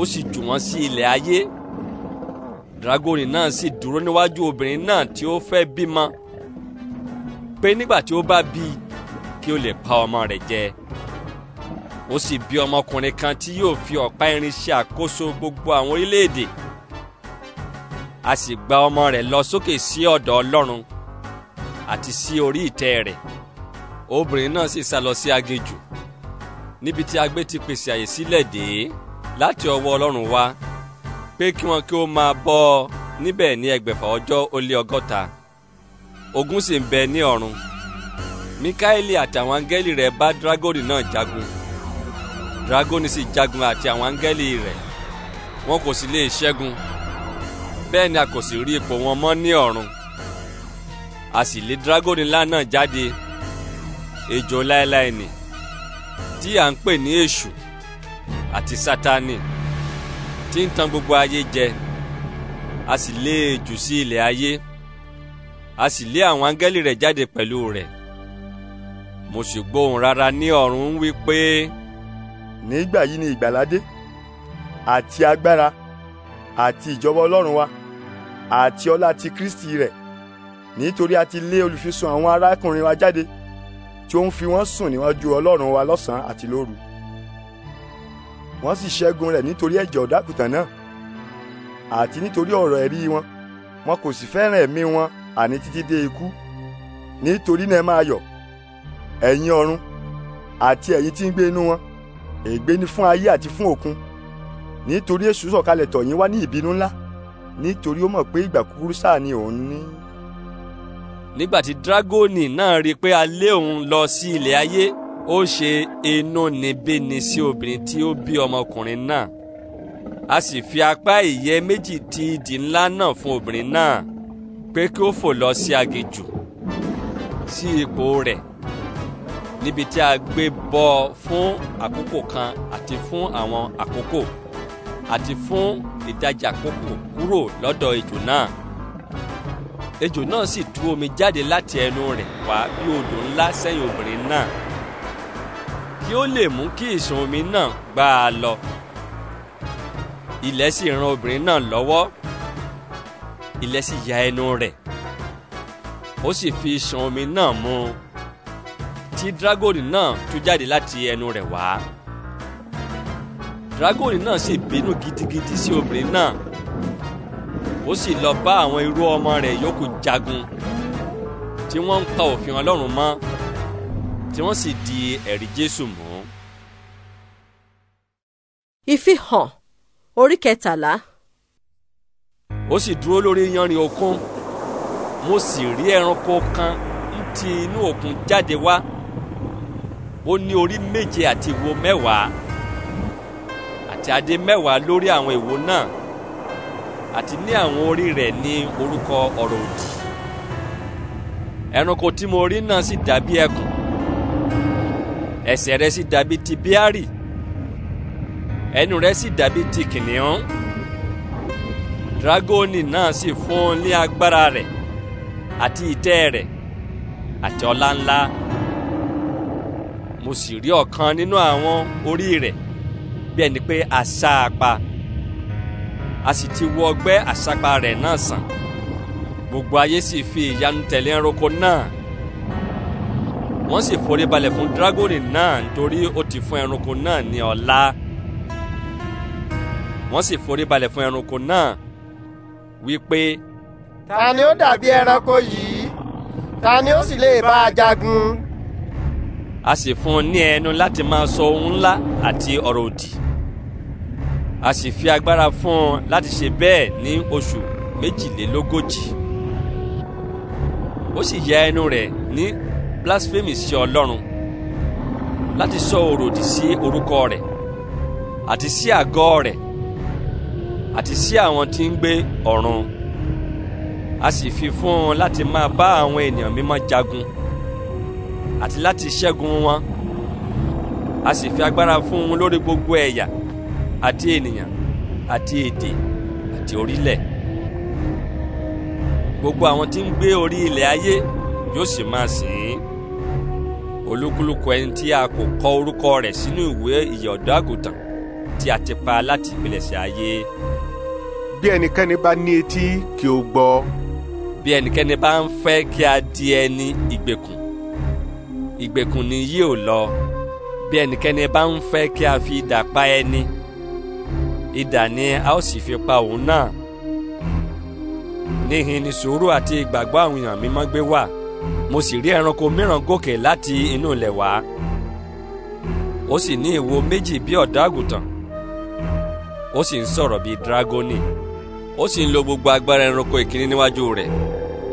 ó sì jù wọ́n sí ilẹ̀ ayé dragoni náà sì dúró níwájú obìnrin náà tí ó fẹ́ bímọ pé nígbà tí ó bá bí kí ó lè pa ọmọ rẹ̀ jẹ ó sì bí ọmọkùnrin kan tí yóò fi ọ̀pá irin ṣe àkóso gbogbo àwọn orílẹ̀-èdè a sì gba ọmọ rẹ̀ lọ sókè sí ọ̀dọ̀ ọlọ́run àti sí orí ìtẹ́ rẹ̀ obìnrin náà sì sá lọ sí aginjù níbi tí agbé ti pèsè àyè sílẹ̀ dé láti ọwọ́ ọlọ́run wá pé kí wọn kí ó máa bọ́ ọ níbẹ̀ ní ẹgbẹ̀fà ọjọ́ ó lé ọgọ́ta ogun sì ń bẹ ní ọ̀run mikaeli àtàwọn áńgẹ́lì rẹ̀ bá dragoni náà jagun dragoni sì jagun àti àwọn áńgẹ́lì rẹ̀ wọn kò sì lè ṣẹ́gun bẹ́ẹ̀ ni a kò sì rí ipò wọn mọ́ ní ọ̀run a sì lé dragon ńlá náà jáde ejò láéláé nì tí à ń pè ní èṣù àti sátani tí ń tan gbogbo ayé jẹ a sì lé e jù sí ilẹ̀ ayé a sì lé àwọn áńgẹ́lì rẹ̀ jáde pẹ̀lú rẹ̀ mo sì gbóhùn rárá ní ọ̀run ń nígbà yìí ni ìgbàládé àti agbára àti ìjọba ọlọ́run wa àti ọlá ti Kristi rẹ̀ nítorí a ti lé olùfisùn àwọn arákùnrin wa jáde tí ó ń fi wọ́n sùn níwájú Ọlọ́run wa lọ́sàn-án àti lóru wọ́n sì ṣẹ́gun rẹ̀ nítorí ẹ̀jẹ̀ ọ̀dàkùtàn náà àti nítorí ọ̀rọ̀ ẹ̀rí wọn wọn kò sì fẹ́ràn ẹ̀mí wọn àní títí dé ikú nítorí náà máa yọ̀ ẹ̀yin ọ̀run àti ẹ̀yin tí ń gbé inú wọn ègbé ni fún ayé àti fún òkun nítorí èṣù sọ̀kalẹ̀ tọ̀ yín wá ní ìbínú ńlá nítorí ó mọ̀ pé ìgbà kúkúrú sáà ni òun ní. nígbà tí dragoni náà rí i pé a lé òun lọ sí ilẹ̀ ayé ó ṣe inúnibíni sí obìnrin tí ó bí ọmọkùnrin náà a sì fi apá ìyẹ́ méjì ti idì ńlá náà fún obìnrin náà pé kí ó fò lọ sí aginjù sí ipò rẹ̀ níbi tí a gbé bọ́ fún àkókò kan àti fún àwọn àkókò àti fún ìdájà kókò kúrò lọ́dọ̀ ejò náà ejò náà sì tú omi jáde láti ẹnu rẹ̀ wá bí odò ńlá sẹ́yìn obìnrin náà kí ó lè mú kí ìsun omi náà gbá a lọ ilẹ̀ sì ran obìnrin náà lọ́wọ́ ilẹ̀ sì ya ẹnu rẹ̀ ó sì fi ìsun omi náà mu tí dragon, náà tú jáde láti ẹnu rẹ̀ wá dragoni náà sì bínú gidigidi sí obìnrin náà ó sì lọ bá àwọn irú ọmọ rẹ̀ yòókù jagun tí wọ́n ń pa òfin ọlọ́run mọ́ tí wọ́n sì di ẹ̀rí jésù mú. ìfihàn orí kẹtàlá. ó sì dúró lórí yanrìn òkun mo sì rí ẹranko kan ń ti inú òkun jáde wá ó ní orí méje àti ìwo mẹ́wàá àtàdé mẹ́wàá lórí àwọn èwo náà àti ní àwọn orí rẹ̀ ní orúkọ ọ̀rọ̀ òdì ẹranko tí mo rí náà sì dàbí ẹkùn ẹsẹ̀ rẹ̀ sì dàbí ti bíárì ẹnu rẹ̀ sì dàbí ti kìnìún dragoni náà sì fún un ní agbára rẹ̀ àti ìtẹ́ rẹ̀ àti ọlá ńlá mo sì rí ọ̀kan nínú àwọn orí rẹ̀ bí ẹni pé àṣà apá a sì ti wọ ọgbẹ́ àṣàpá rẹ̀ náà sàn gbogbo ayé sì fi ìyanu tẹ̀lé ẹranko náà wọ́n sì forí balẹ̀ fún dragoni náà nítorí ó ti fún ẹranko náà ní ọlá wọ́n sì forí balẹ̀ fún ẹranko náà wípé. ta ni ó dàbí ẹranko yìí ta ni ó sì lè bá a jagun a sì fún un ní ẹnu láti máa sọ ohun ńlá àti ọ̀rọ̀ òdì a sì fi agbára fún un láti ṣe bẹ́ẹ̀ ní oṣù méjìlélógójì ó sì ya ẹnu rẹ̀ ní blasphemy sí ọlọ́run láti sọ ọ̀rọ̀ òdì sí orúkọ rẹ̀ àti sí àgọ́ rẹ̀ àti sí àwọn tí ń gbé ọ̀run a sì fi fún un láti máa bá àwọn ènìyàn mímọ́ jagun àti láti ṣẹ́gun wọn a sì fi agbára fún un lórí gbogbo ẹ̀yà àti ènìyàn àti èdè àti orílẹ̀ gbogbo àwọn tí ń gbé orí ilẹ̀ ayé yóò sì máa sìn ín olúkúlùkù ẹni tí a kò kọ orúkọ rẹ̀ sínú ìwé ìyà ọ̀dọ́ àgùntàn tí a ti pa láti ìpilẹ̀ṣẹ̀ ayé. bí ẹnikẹ́ni bá ní etí kí o gbọ́. bí ẹnikẹ́ni bá ń fẹ́ kí a di ẹni ìgbèkùn ìgbèkùn ni yìí ò lọ bí ẹnikẹ́ni bá ń fẹ́ kí a fi idà pa ẹni idà ni a ó sì fi pa òun náà níhìn ni sùúrù àti ìgbàgbọ́ àwọn èèyàn mímọ́ gbé wà mo sì rí ẹranko mìíràn gòkè láti inú ilẹ̀ wá ó sì ní ìwo méjì bí ọ̀dọ́ àgùntàn ó sì ń sọ̀rọ̀ bíi dragoni ó sì ń lo gbogbo agbára ẹranko ìkíní níwájú rẹ̀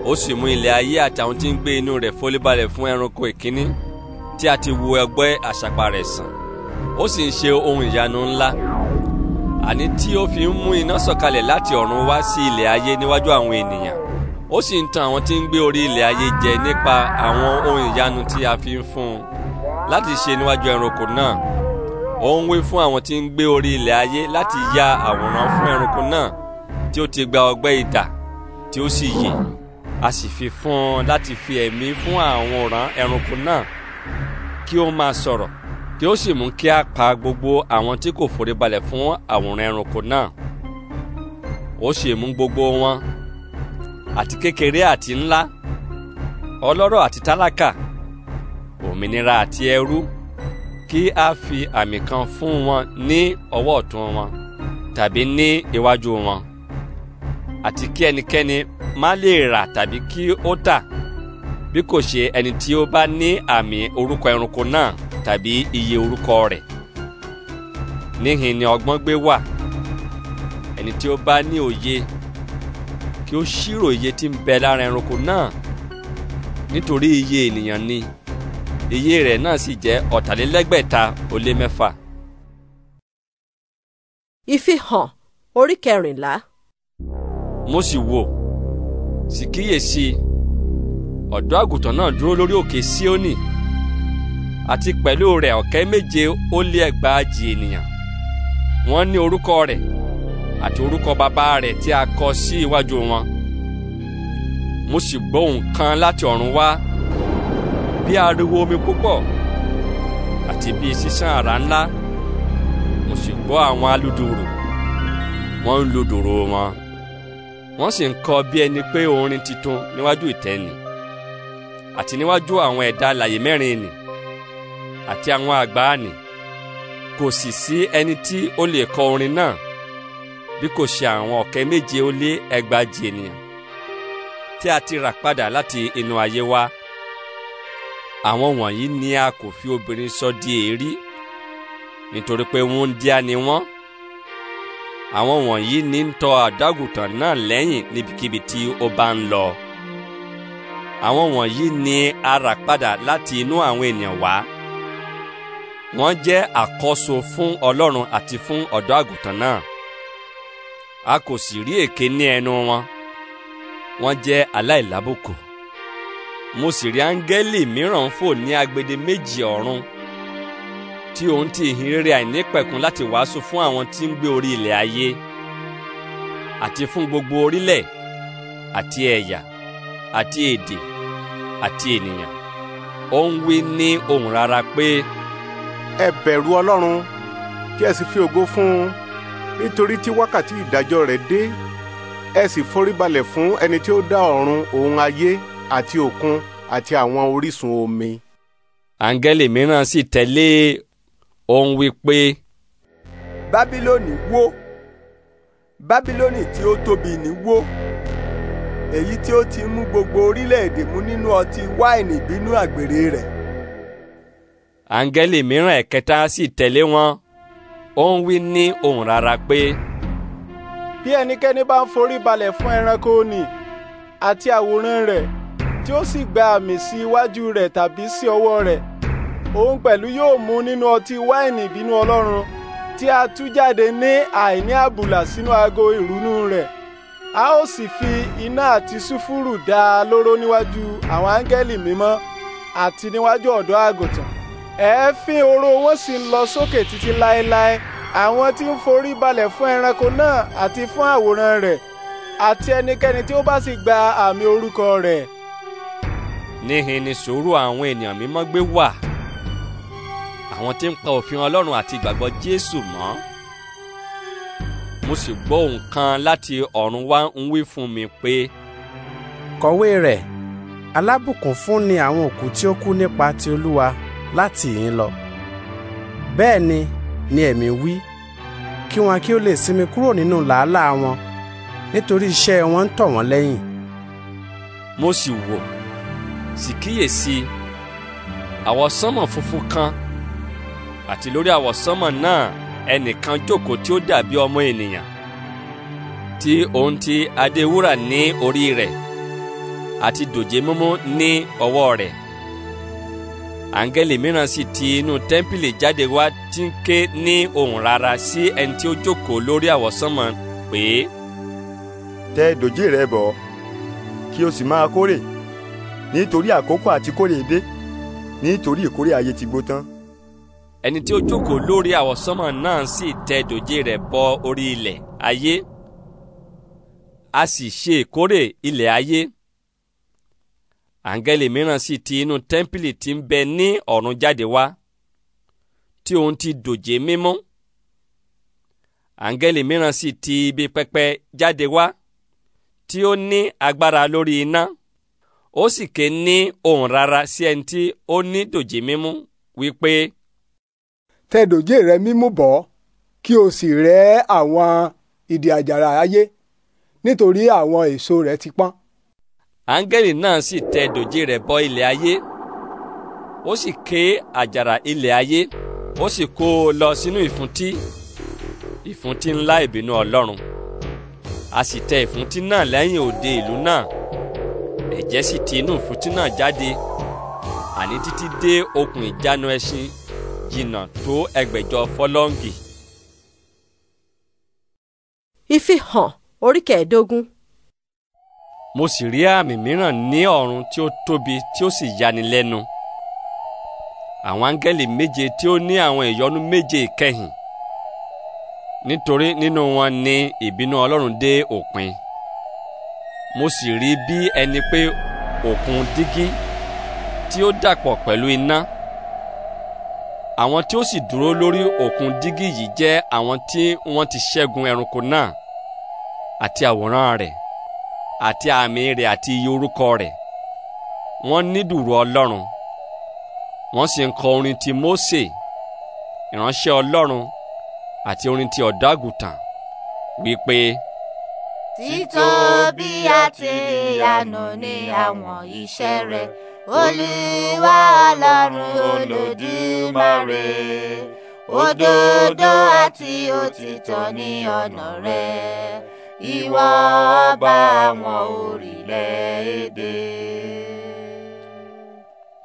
ó sì mú ilẹ̀ ayé àtàwọn tí ń gbé inú rẹ̀ fọlẹ́balẹ̀ fún ẹranko ìkíní tí a ti wo ẹgbẹ́ àṣàpà rẹ̀ sàn ó sì ń ṣe ohun ìyanu ńlá àní tí ó fi ń mú iná sọ̀kalẹ̀ láti ọ̀run wá sí ilẹ̀ ayé níwájú àwọn ènìyàn ó sì ń tan àwọn tí ń gbé orí ilẹ̀ ayé jẹ nípa àwọn ohun ìyanu tí a fi ń fún un láti ṣe níwájú ẹranko náà ó ń wí fún àwọn tí ń gbé orí ilẹ̀ ayé láti ya àwòrán fún ẹranko náà tí ó ti gba ọgbẹ́ idà tí ó sì yè a sì fi fún un láti fi ẹ̀mí fún àwọn ọ̀ràn ẹranko náà kí ó máa sọ̀rọ̀ kí ó sì mú kí a pa gbogbo àwọn tí kò foríbalẹ̀ fún àwòrán ẹranko náà ó sì mú gbogbo wọn àti kékeré àti ńlá ọlọ́rọ̀ àti tálákà òmìnira àti ẹrú kí a fi àmì kan fún wọn ní ọwọ́ ọ̀tún wọn tàbí ní iwájú wọn àti kí ẹnikẹ́ni má lè rà tàbí kí ó tà bí kò ṣe ẹni tí ó bá ní àmì orúkọ ẹranko náà tàbí iye orúkọ rẹ̀ níhìn ni ọgbọ́n gbé wà ẹni tí ó bá ní òye kí ó ṣírò iye tí ń bẹ lára ẹranko náà nítorí iye ènìyàn ni iye rẹ̀ náà sì jẹ́ ọ̀tàlélẹ́gbẹ̀ta ó lé mẹ́fà. ìfihàn orí kẹrìnlá mo wo, si sì kíyèsí ọ̀dọ́ àgùntàn náà dúró lórí òkè Síónì àti pẹ̀lú rẹ̀ ọ̀kẹ́ méje ó lé ẹgbàájì ènìyàn wọ́n ní orúkọ rẹ̀ àti orúkọ bàbá rẹ̀ tí a kọ sí iwájú wọn mo sì gbọ́ ohùn kan láti ọ̀run wá bí ariwo omi púpọ̀ àti bí sísán àrá ńlá mo sì gbọ́ àwọn aludùùrù wọ́n ń lu dùùrù wọn wọ́n sì ń kọ bí ẹni pé orin titun níwájú ìtẹ́ ni àti níwájú àwọn ẹ̀dá alààyè mẹ́rin ni àti àwọn àgbà ni kò sì sí ẹni tí ó lè kọ orin náà bí kò ṣe àwọn ọ̀kẹ́ méje ó lé ẹgbàajì ènìyàn tí a ti rà padà láti inú ayé wa àwọn wọ̀nyí ni a kò fi obìnrin sọ di èérí nítorí pé wúńdíá ni wọ́n àwọn wọ̀nyí ní ń tọ àdágùtàn náà lẹ́yìn níbikíbi tí ó bá ń lọ. àwọn wọ̀nyí ni a rà padà láti inú àwọn ènìyàn wá. wọ́n jẹ́ àkọ́so fún Ọlọ́run àti fún ọ̀dọ́ àgùntàn náà. a kò sì rí èké ní ẹnu wọn. wọ́n jẹ́ aláìlábùkù. mo sì rí áńgẹ́lì mìíràn fò ní agbede méjì ọ̀run tí òun ti ìhìn rere àìnípẹ̀kun láti wàásù fún àwọn tí ń gbé orí ilẹ̀ ayé àti fún gbogbo orílẹ̀ àti ẹ̀yà àti èdè àti ènìyàn ó ń wí ní ohùn rara pé. ẹ bẹ̀rù ọlọ́run kí ẹ sì fi ògo fún un nítorí tí wákàtí ìdájọ́ rẹ̀ dé ẹ sì foríbalẹ̀ fún ẹni tí ó dá ọ̀run òun ayé àti òkun àti àwọn orísun omi. áńgẹ́lì mìíràn sì tẹ̀lé e ó ń wí pé. bábílónì wó bábílónì tí ó tóbi ní wó èyí tí ó ti mú gbogbo orílẹ̀-èdè mu nínú ọtí wáìnì ìbínú àgbèrè rẹ̀. áńgẹ́lì mìíràn ẹ̀kẹta sì tẹ̀lé wọn ó ń wí ní ohùn rara pé. bí ẹnikẹ́ni bá ń forí balẹ̀ fún ẹranko nì àti àwòrán rẹ̀ tí ó sì gba àmì sí iwájú rẹ̀ tàbí sí ọwọ́ rẹ̀ òun pẹ̀lú yóò mu nínú ọtí wáìnì ìbínú Ọlọ́run tí a tú jáde ní àìní àbùlà sínú aago ìrunú rẹ̀ a ó sì fi iná àti sùfúrù dá a lóró níwájú àwọn áńgẹ́lì mímọ́ àti níwájú ọ̀dọ́ àgùntàn ẹ̀ẹ́fín oró wọn sì ń lọ sókè títí láéláé àwọn tí ń forí balẹ̀ fún ẹranko náà àti fún àwòrán rẹ̀ àti ẹnikẹ́ni tí ó bá sì gba àmì orúkọ rẹ̀. níhìn ni sùúrù àwọn ènìyàn mímọ́ gbé wà àwọn tí ń pa òfin ọlọ́run àti ìgbàgbọ́ jésù mọ́ mo sì gbọ́ ohùn kan láti ọ̀run wá ń wí fún mi pé. kọ̀wé rẹ̀ alábùkún fún ni àwọn òkú tí ó kú nípa ti olúwa láti ìhín lọ bẹ́ẹ̀ ni ni ẹ̀mí wí kí wọn kí ó lè sinmi kúrò nínú làálàá wọn nítorí iṣẹ́ wọn ń tọ̀ wọ́n lẹ́yìn. mo sì wò sì kíyèsí àwọsánmọ̀ funfun kan àti lórí àwọ̀sánmọ̀ náà ẹnìkan jókòó tí ó dàbí ọmọ ènìyàn tí òun ti adé wúrà ní orí rẹ̀ àti dòjé mímú ní ọwọ́ rẹ̀ àǹgẹ́lì mìíràn sì ti inú tẹ́ḿpìlì jáde wá tí ń ké ní ohùn rara sí ẹni tí ó jókòó lórí àwọ̀sánmọ̀ pé. tẹ dòjé rẹ bọ̀ kí o sì máa kórè nítorí àkókò àti kórè dé nítorí ìkórè ayé ti gbó tán ẹni tí ó jókòó lórí àwọsánmọ̀ náà sì tẹ dòjé rẹ̀ bọ orí ilẹ̀ ayé a sì ṣe ìkórè ilẹ̀ ayé àǹgẹ́lì mìíràn sì ti inú tẹ́ḿpìlì tí ń bẹ ní ọ̀run jáde wá tí òun ti dòjé mímọ́ àǹgẹ́lì mìíràn sì ti ibi pẹpẹ jáde wá tí ó ní agbára lórí iná ó sì ké ní ohùn rara sí ẹni tí ó ní dòjé mímú wípé tẹ dòjé rẹ mímú bọ́ kí o sì rẹ́ àwọn ìdì àjàrà ayé nítorí àwọn èso rẹ ti pọ́n. áńgẹ́lì náà sì tẹ dòjé rẹ̀ bọ ilẹ̀ ayé ó sì ké àjàrà ilẹ̀ ayé ó sì kó o lọ sínú ìfúntí ìfúntí ńlá ìbínú ọlọ́run a sì tẹ ìfúntí náà lẹ́yìn òde ìlú náà ẹ̀jẹ̀ sì ti inú ìfúntí náà jáde àní títí dé okùn ìjánu ẹṣin jìnnà tó ẹgbẹ̀jọ fọlọ́ǹgì. ìfihàn orí kẹẹ̀ẹ́dógún. mo sì rí àmì mìíràn ní ọ̀run tí ó tóbi tí ó sì yani lẹ́nu. àwọn áńgẹ́lì méje tí ó ní àwọn ìyọnu méje ìkẹyìn nítorí nínú wọn ni ìbínú ọlọ́run dé òpin mo sì rí bí ẹni pé òkun dígí tí ó dàpọ̀ pẹ̀lú iná àwọn tí ó sì dúró lórí òkun dígí yìí jẹ́ àwọn tí wọ́n ti ṣẹ́gun ẹranko náà àti àwòrán rẹ̀ àti àmì rẹ̀ àti iye orúkọ rẹ̀ wọ́n ní dùrù ọlọ́run wọ́n sì ń kọ orin ti Mósè ìránṣẹ́ ọlọ́run àti orin ti ọ̀dọ́-àgùntàn wípé. títóbi àti ìyanu ni àwọn iṣẹ́ rẹ̀ olúwa ọlọ́run olódùmarè òdodo àti òtítọ́ ní ọ̀nà rẹ ìwọ ọba àwọn orílẹ̀-èdè.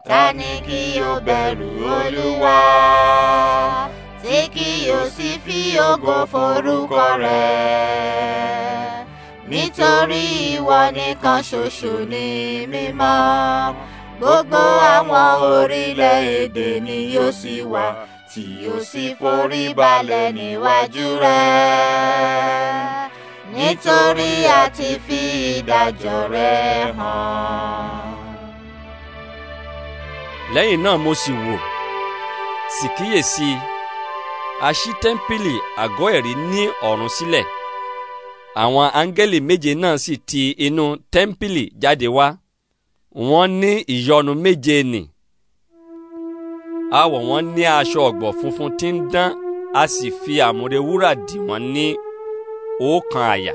ta ni kí o bẹ̀rù olúwa tí kì yóò sì fi ògo forúkọ rẹ nítorí ìwọ nìkan ṣoṣo ni mímọ́ gbogbo àwọn orílẹ̀-èdè ni yóò sì wà tí yóò sì forí balẹ̀ níwájú rẹ̀ nítorí a ti fi ìdájọ́ rẹ̀ hàn. lẹ́yìn náà mo sì wò sì kíyèsí a ṣí tẹ́ḿpìlì àgọ́ ẹ̀rí ní ọ̀run sílẹ̀ àwọn áńgẹ́lì méje náà sì ti inú tẹ́ḿpìlì jáde wá wọ́n ní ìyọnu méje nì àwọ̀ wọn ní aṣọ ọ̀gbọ̀ funfun tí ń dán a sì fi àmùrè wúrà dì wọ́n ní ọ̀kan àyà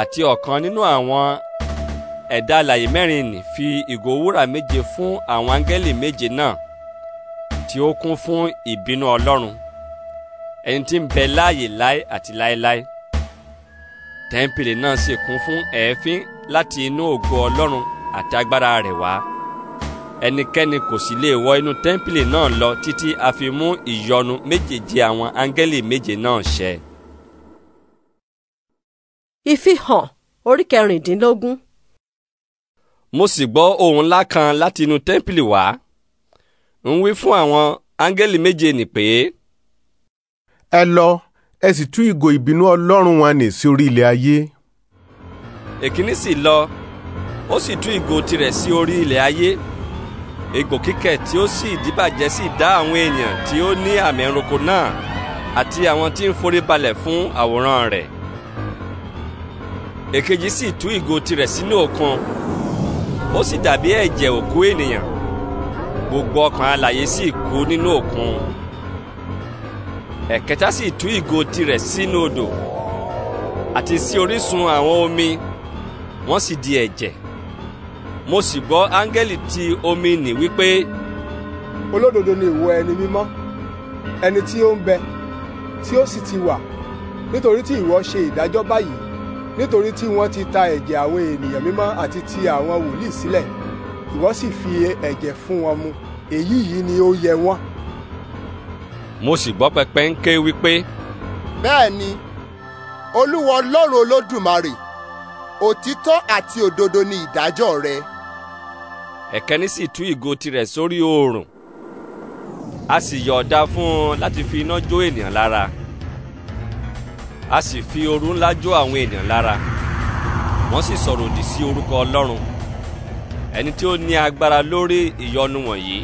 àti ọ̀kan nínú àwọn ẹ̀dá alààyè mẹ́rin nì fi ìgò wúrà méje fún àwọn áńgẹ́lì méje náà tí ó kún fún ìbínú Ọlọ́run ẹni tí ń bẹ láàyè láé àti láéláé tẹ́ḿpìlì náà sì kún fún èéfín láti inú ògo Ọlọ́run àti agbára rẹ̀ wá ẹnikẹ́ni kò sì lè wọ inú tẹ́ḿpìlì náà lọ títí a fi mú ìyọnu méjèèje àwọn áńgẹ́lì méje náà ṣẹ. ìfihàn orí kẹrìndínlógún. mo sì gbọ́ ohùn ńlá kan láti inú tẹ́ḿpìlì wá ń wí fún àwọn áńgẹ́lì méje nì pé. ẹ lọ ẹ sì tú ìgò ìbínú ọlọ́run wọn nì sí orí ilẹ̀ ayé. èkíní sì lọ ó sì tú ìgò tirẹ̀ sí orí ilẹ̀ ayé ìgò kíkẹ̀ tí ó sì dìbàjẹ́ sì dá àwọn èèyàn tí ó ní àmì ẹranko náà àti àwọn tí ń forí balẹ̀ fún àwòrán rẹ̀ èkejì sì tú ìgò tirẹ̀ sínú òkun ó sì dàbí ẹ̀jẹ̀ òkú ènìyàn gbogbo ọkàn alààyè sì kú nínú òkun ẹ̀kẹta sì tú ìgò tirẹ̀ sínú odò àti sí orísun àwọn omi wọ́n sì di ẹ̀jẹ̀ mo sì gbọ́ áńgẹ́lì ti omi nì wípé. olódodo ni ìwọ ẹni mímọ́ ẹni tí ó ń bẹ tí ó sì ti wà nítorí tí ìwọ ṣe ìdájọ́ báyìí nítorí tí wọ́n ti ta ẹ̀jẹ̀ àwọn ènìyàn mímọ́ àti ti àwọn wòlíì sílẹ̀ ìwọ sì fi ẹ̀jẹ̀ fún wọn mu èyí yìí ni ó yẹ wọ́n. mo sì gbọ́ pẹpẹ ń ké wípé. bẹ́ẹ̀ ni olúwa ọlọ́run olódùmarè òtítọ́ àti òdodo ni ìdájọ́ rẹ ẹ̀kẹ́ni sì tú ìgò tirẹ̀ sórí oòrùn a sì yọ̀ọ̀da fún un láti fi iná jó ènìyàn lára a sì fi ooru ńlá jó àwọn ènìyàn lára wọ́n sì sọ̀rọ̀ òdì sí orúkọ Ọlọ́run ẹni tí ó ní agbára lórí ìyọnu wọ̀nyí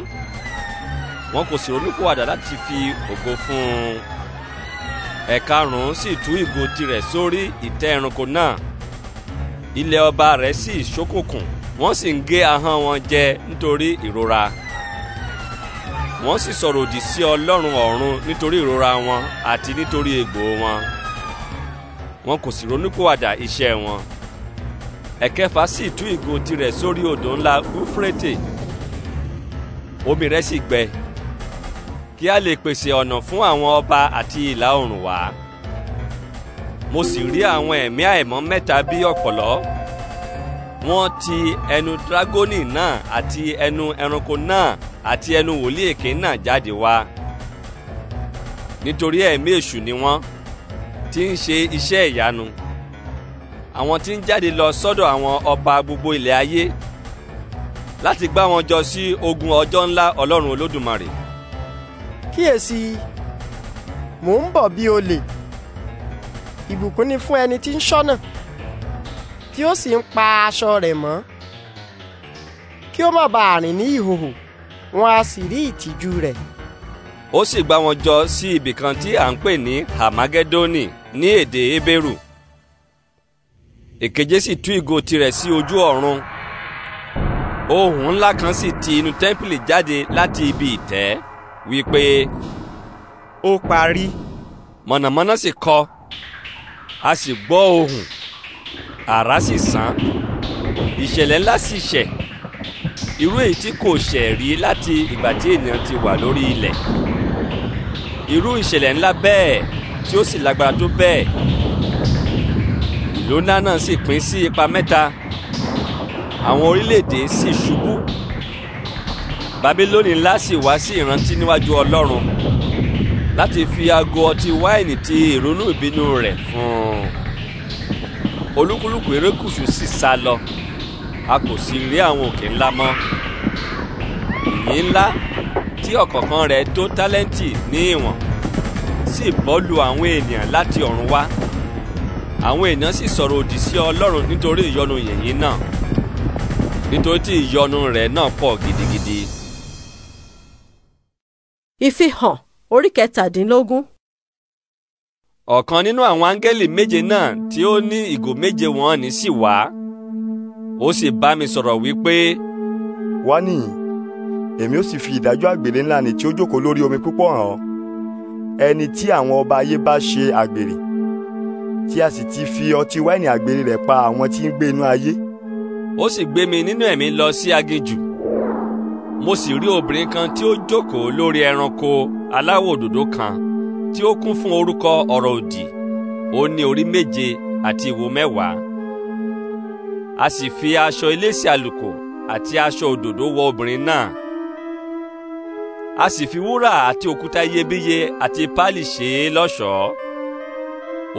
wọn kò sì ronúpìwàdà láti fi ògo fún un ẹ̀karùn-ún sì tú ìgò tirẹ̀ sórí ìtẹ́ ẹranko náà ilẹ̀ ọba rẹ̀ sì ṣókùnkùn wọ́n sì ń gé ahọ́n wọn jẹ nítorí ìrora wọ́n sì sọ̀rọ̀ òdì sí ọlọ́run ọ̀run nítorí ìrora wọn àti nítorí egbò wọn wọn kò sì ronúpìwàdà iṣẹ́ wọn ẹ̀kẹfà sì tú ìgò tirẹ̀ sórí odò ńlá Úfúrẹ́tè omi rẹ̀ sì gbẹ kí a lè pèsè ọ̀nà fún àwọn ọba àti ìlà oòrùn wá mo sì rí àwọn ẹ̀mí àìmọ́ mẹ́ta bí ọ̀pọ̀lọ́ wọ́n ti ẹnu dragoni náà àti ẹnu ẹranko náà àti ẹnu wòlíì èké náà jáde wá nítorí ẹ̀mí èṣù ni wọ́n ti ń ṣe iṣẹ́ ìyanu àwọn tí ń jáde lọ sọ́dọ̀ àwọn ọba gbogbo ilẹ̀ ayé láti gbá wọn jọ sí ogun ọjọ́ ńlá ọlọ́run olódùmarè. kíyèsí mò ń bọ̀ bí olè ìbùkún ni fún ẹni tí ń ṣọ́nà tí ó sì ń pa aṣọ rẹ̀ mọ́ kí ó má bàa rìn ní ìhòhò wọn a sì rí ìtìjú rẹ̀. ó sì gbá wọn jọ sí ibì kan tí à ń pè ní hamagedoni ní èdè hébérù èkeje sì tú ìgò tirẹ̀ sí ojú ọ̀run ohùn ńlá kan sì ti inú tẹ́ḿpìlì jáde láti ibi ìtẹ́ wípé ó parí mọ̀nàmọ́ná sì kọ a sì gbọ́ ohùn àrá sì sán ìṣẹ̀lẹ̀ ńlá sì ṣẹ̀ irú èyí tí kò ṣẹ̀ rí láti ìgbà tí ènìyàn ti wà lórí ilẹ̀ irú ìṣẹ̀lẹ̀ ńlá bẹ́ẹ̀ tí ó sì lágbára tó bẹ́ẹ̀ ìlú ńlá náà sì pín sí ipa mẹ́ta àwọn orílẹ̀-èdè sì ṣubú babilóni ńlá sì wá sí ìrántí níwájú ọlọ́run láti fi aago ọtí wáìnì ti ìrònú ìbínú rẹ̀ fún un olúkúlùkù erékùṣù sì sá lọ a kò sì rí àwọn òkè ńlá mọ́ yìnyín ńlá tí ọ̀kọ̀ọ̀kan rẹ̀ tó tálẹ́ǹtì ní ìwọ̀n sì bọ́ lu àwọn ènìyàn láti ọ̀run wá àwọn ènìyàn sì sọ̀rọ̀ òdì sí ọlọ́run nítorí ìyọnu yìnyín náà nítorí tí ìyọnu rẹ̀ náà pọ̀ gidigidi. ìfihàn orí kẹtàdínlógún ọ̀kan nínú àwọn áńgẹ́lì méje náà tí ó ní ìgò méje wọ̀n ní sì wá ó sì bá mi sọ̀rọ̀ wípé. wá nìyí èmi ó sì fi ìdájọ́ àgbèrè ńlá ni tí ó jókòó lórí omi púpọ̀ hàn ọ́ ẹni tí àwọn ọba ayé bá ṣe àgbèrè tí a sì ti fi ọtí wáìnì àgbèrè rẹ̀ pa àwọn tí ń gbé inú ayé. ó sì gbé mi nínú ẹ̀mí lọ sí aginjù mo sì rí obìnrin kan tí ó jókòó lórí ẹranko aláwọ̀ òdòdó kan tí ó kún fún orúkọ ọ̀rọ̀ òdì ó ní orí méje àti ìwo mẹ́wàá a sì fi aṣọ elése àlùkò àti aṣọ òdòdó wọ obìnrin náà a sì fi wúrà àti òkúta iyebíye àti páálí ṣe é lọ́ṣọ̀ọ́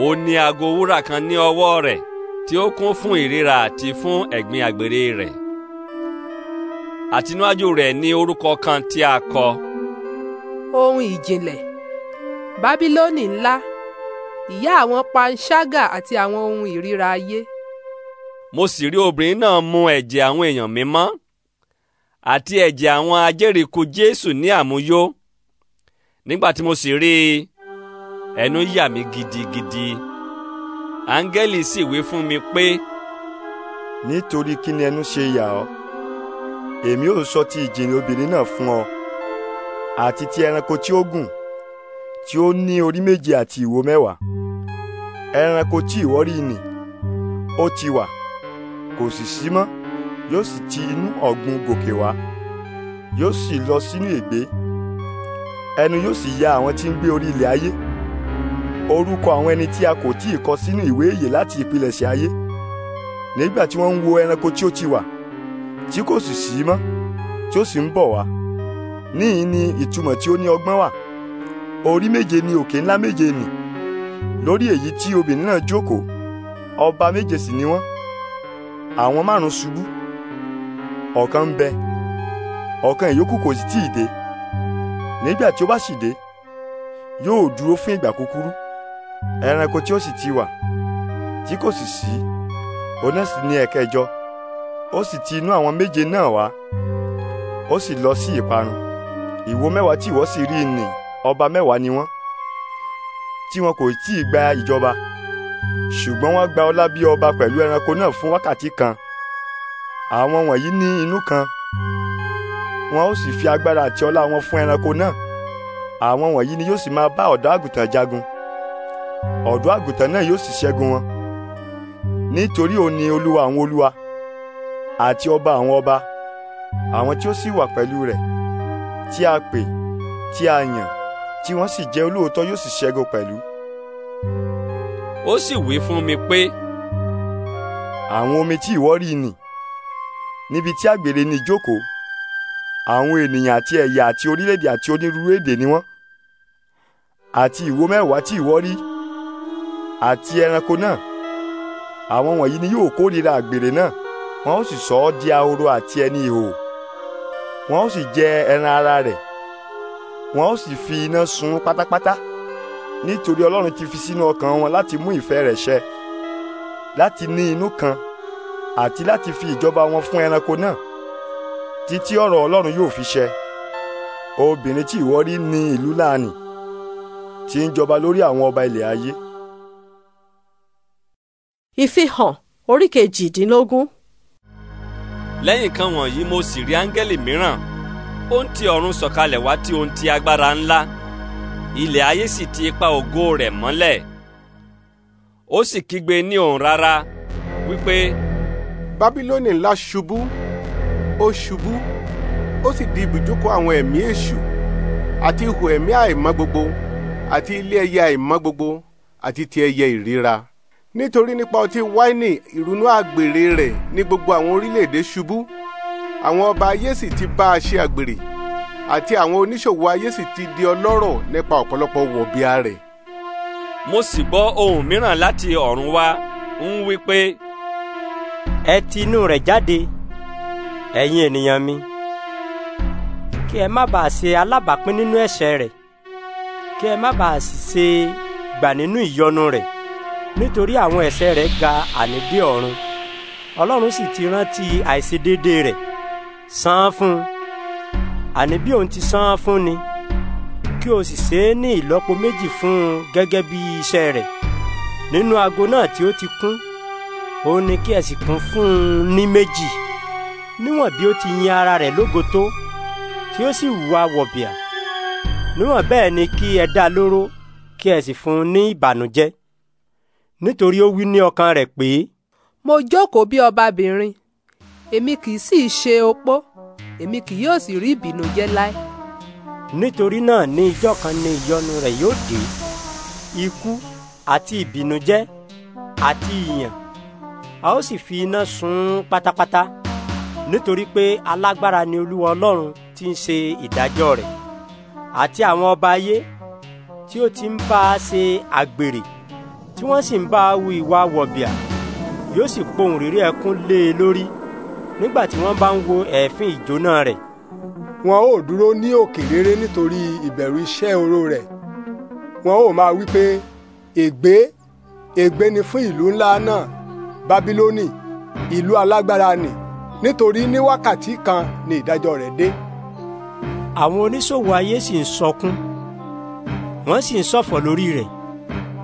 ó ní aago wúrà kan ní ọwọ́ rẹ̀ tí ó kún fún ìríra àti fún ẹ̀gbin àgbèrè rẹ̀ àtinúwájú rẹ̀ ní orúkọ kan tí a kọ. ohun ìjìnlẹ̀ bábílónì ńlá ìyá àwọn panṣágà àti àwọn ohun ìríra ayé. mo sì rí obìnrin náà mu ẹ̀jẹ̀ àwọn èèyàn mímọ́ àti ẹ̀jẹ̀ àwọn ajẹ́rìíkú jésù ní àmúyó nígbà tí mo sì rí i ẹnu yà mí gidigidi áńgẹ́lì sì wí fún mi pé. nítorí kí ni ẹnu ṣe yà ọ́ èmi ò sọ ti ìjìnlẹ̀ obìnrin náà fún ọ àti ti ẹranko tí ó gùn tí ó ní orí méje àti ìwo mẹ́wàá ẹranko tí ìwọ rí nì ó ti wà kò sì sí mọ́ yóò sì ti inú ọ̀gbun gòkè wá yóò sì lọ sínú ègbé ẹnu yóò sì ya àwọn tí ń gbé orí ilẹ̀ ayé orúkọ àwọn ẹni tí a kò tí ì kọ sínú ìwé ìyè láti ìpilẹ̀ṣẹ̀ ayé nígbà tí wọ́n ń wo ẹranko tí ó ti wà tí kò sì sí mọ́ tí ó sì ń bọ̀ wá níyìn ni ìtumọ̀ tí ó ní ọgbọ́n wà orí méje ni òkè ńlá méje nì lórí èyí tí obìnrin náà jókòó ọba méje sì ni wọ́n àwọn márùn ṣubú ọ̀kan ń bẹ ọ̀kan ìyókù kò sì tíì dé nígbà tí ó bá sì dé yóò dúró fún ìgbà kúkúrú ẹranko tí ó sì ti wà tí kò sì sí oná sì ní ẹ̀kẹjọ ó sì ti inú àwọn méje náà wá ó sì lọ sí ìparun ìwo mẹ́wàá tí ìwọ sì rí nìyí ọba mẹ́wàá ni wọ́n tí wọn kò tí ì gba ìjọba ṣùgbọ́n wọ́n gba ọlá bí ọba pẹ̀lú ẹranko náà fún wákàtí kan àwọn wọ̀nyí ní inú kan wọn ó sì fi agbára àti ọlá wọn fún ẹranko náà àwọn wọ̀nyí ni yóò sì máa bá ọ̀dọ́ àgùntàn jagun ọ̀dọ́ àgùntàn náà yóò sì ṣẹ́gun wọn nítorí òun olúwa àwọn olúwa àti ọba àwọn ọba àwọn tí ó sì wà pẹ̀lú rẹ̀ tí a pè tí a yàn tí wọ́n sì jẹ́ olóòótọ́ yóò sì ṣẹ́gun pẹ̀lú. ó sì wí fún mi pé. àwọn omi tí ìwọ rí nì níbi tí àgbèrè ní ìjókòó àwọn ènìyàn àti ẹ̀yà àti orílẹ̀-èdè àti onírúurú èdè ni wọ́n àti ìwo mẹ́wàá tí ìwọ rí àti ẹranko náà àwọn wọ̀nyí ni yóò kórìíra àgbèrè náà wọn ó sì sọ ọ́ di ahoro àti ẹni ìhò wọn sì jẹ ẹran ara rẹ̀ wọn ó sì fi iná sun pátápátá nítorí ọlọ́run ti fi sínú ọkàn wọn láti mú ìfẹ́ rẹ̀ ṣẹ láti ní inú kan àti láti fi ìjọba wọn fún ẹranko náà títí ọ̀rọ̀ ọlọ́run yóò fi ṣẹ obìnrin tí ìwọ rí ní ìlú láàánì tí ń jọba lórí àwọn ọba ilẹ̀ ayé. ìfihàn orí kejìdínlógún. lẹ́yìn kan wọ̀nyí mo sì rí áńgẹ́lì mìíràn ó ń ti ọ̀run sọ̀kalẹ̀ wá tí ó ń ti agbára ńlá ilẹ̀ ayé sì ti ipa ògo rẹ̀ mọ́lẹ̀ ó sì kígbe ní òun rárá wípé. bábílónì ńlá ṣubú ó ṣubú ó sì di ibùjókòó àwọn ẹ̀mí èṣù àti ihò ẹ̀mí àìmọ́ gbogbo àti ilé ẹyẹ àìmọ́ gbogbo àti ti ẹyẹ ìríra nítorí nípa ọtí wáìnì ìrunú àgbèrè rẹ̀ ní gbogbo àwọn orílẹ̀-èdè ṣubú àwọn ọba ayé sì ti bá a ṣe àgbèrè àti àwọn oníṣòwò ayé sì ti di ọlọ́rọ̀ nípa ọ̀pọ̀lọpọ̀ wọ̀bìà rẹ̀. mo sì gbọ́ ohun mìíràn láti ọ̀run wá ń wí pé. ẹ ti inú rẹ̀ jáde ẹ̀yin ènìyàn mi kí ẹ má bàa ṣe alábàápín nínú ẹ̀ṣẹ̀ rẹ̀ kí ẹ má bàa sì ṣe gbà nínú ìyọnu rẹ̀ nítorí àwọn ẹ̀ṣẹ̀ rẹ̀ ga àní dé ọ̀run ọlọ́run sì ti rántí àìṣedéédéé rẹ̀ san án fún un àní bí òun ti san án ni kí o sì ṣe é ní ìlọ́po méjì fún un gẹ́gẹ́ bí iṣẹ́ rẹ̀ nínú ago náà tí ó ti kún òun ni kí ẹ sì kún fún un ní méjì níwọ̀n bí ó ti yin ara rẹ̀ lógo tó tí ó sì wúwa wọ̀bìà níwọ̀n bẹ́ẹ̀ ni kí ẹ dá lóró kí ẹ sì fún un ní ìbànújẹ́ nítorí ó wí ní ọkàn rẹ̀ pé. mo jókòó bí ọbabìnrin èmi kì í sì í ṣe opó èmi kì yóò sì rí ìbínú jẹ láé. nítorí náà ní ijọ́ kan ni ìyọnu rẹ̀ yóò dé ikú àti ìbínújẹ́ àti ìyàn a ó sì fi iná sun pátápátá nítorí pé alágbára ni olúwa ọlọ́run ti ń ṣe ìdájọ́ rẹ̀ àti àwọn ọba ayé tí ó ti ń bá a ṣe àgbèrè tí wọ́n sì ń bá a hu ìwà wọ̀bìà yóò sì pohùn réré ẹkún lé e lórí nígbà tí wọ́n bá ń wo ẹ̀fín ìjóná rẹ̀. wọn ò dúró ní òkè rere nítorí ìbẹ̀rù iṣẹ́ oró rẹ̀ wọn ò máa wí pé ègbé ègbé ni fún ìlú ńlá náà Bábílónì ìlú alágbára nì nítorí ní wákàtí kan ni ìdájọ́ rẹ̀ dé. àwọn oníṣòwò ayé sì ń sọkún wọ́n sì ń ṣọ̀fọ̀ lórí rẹ̀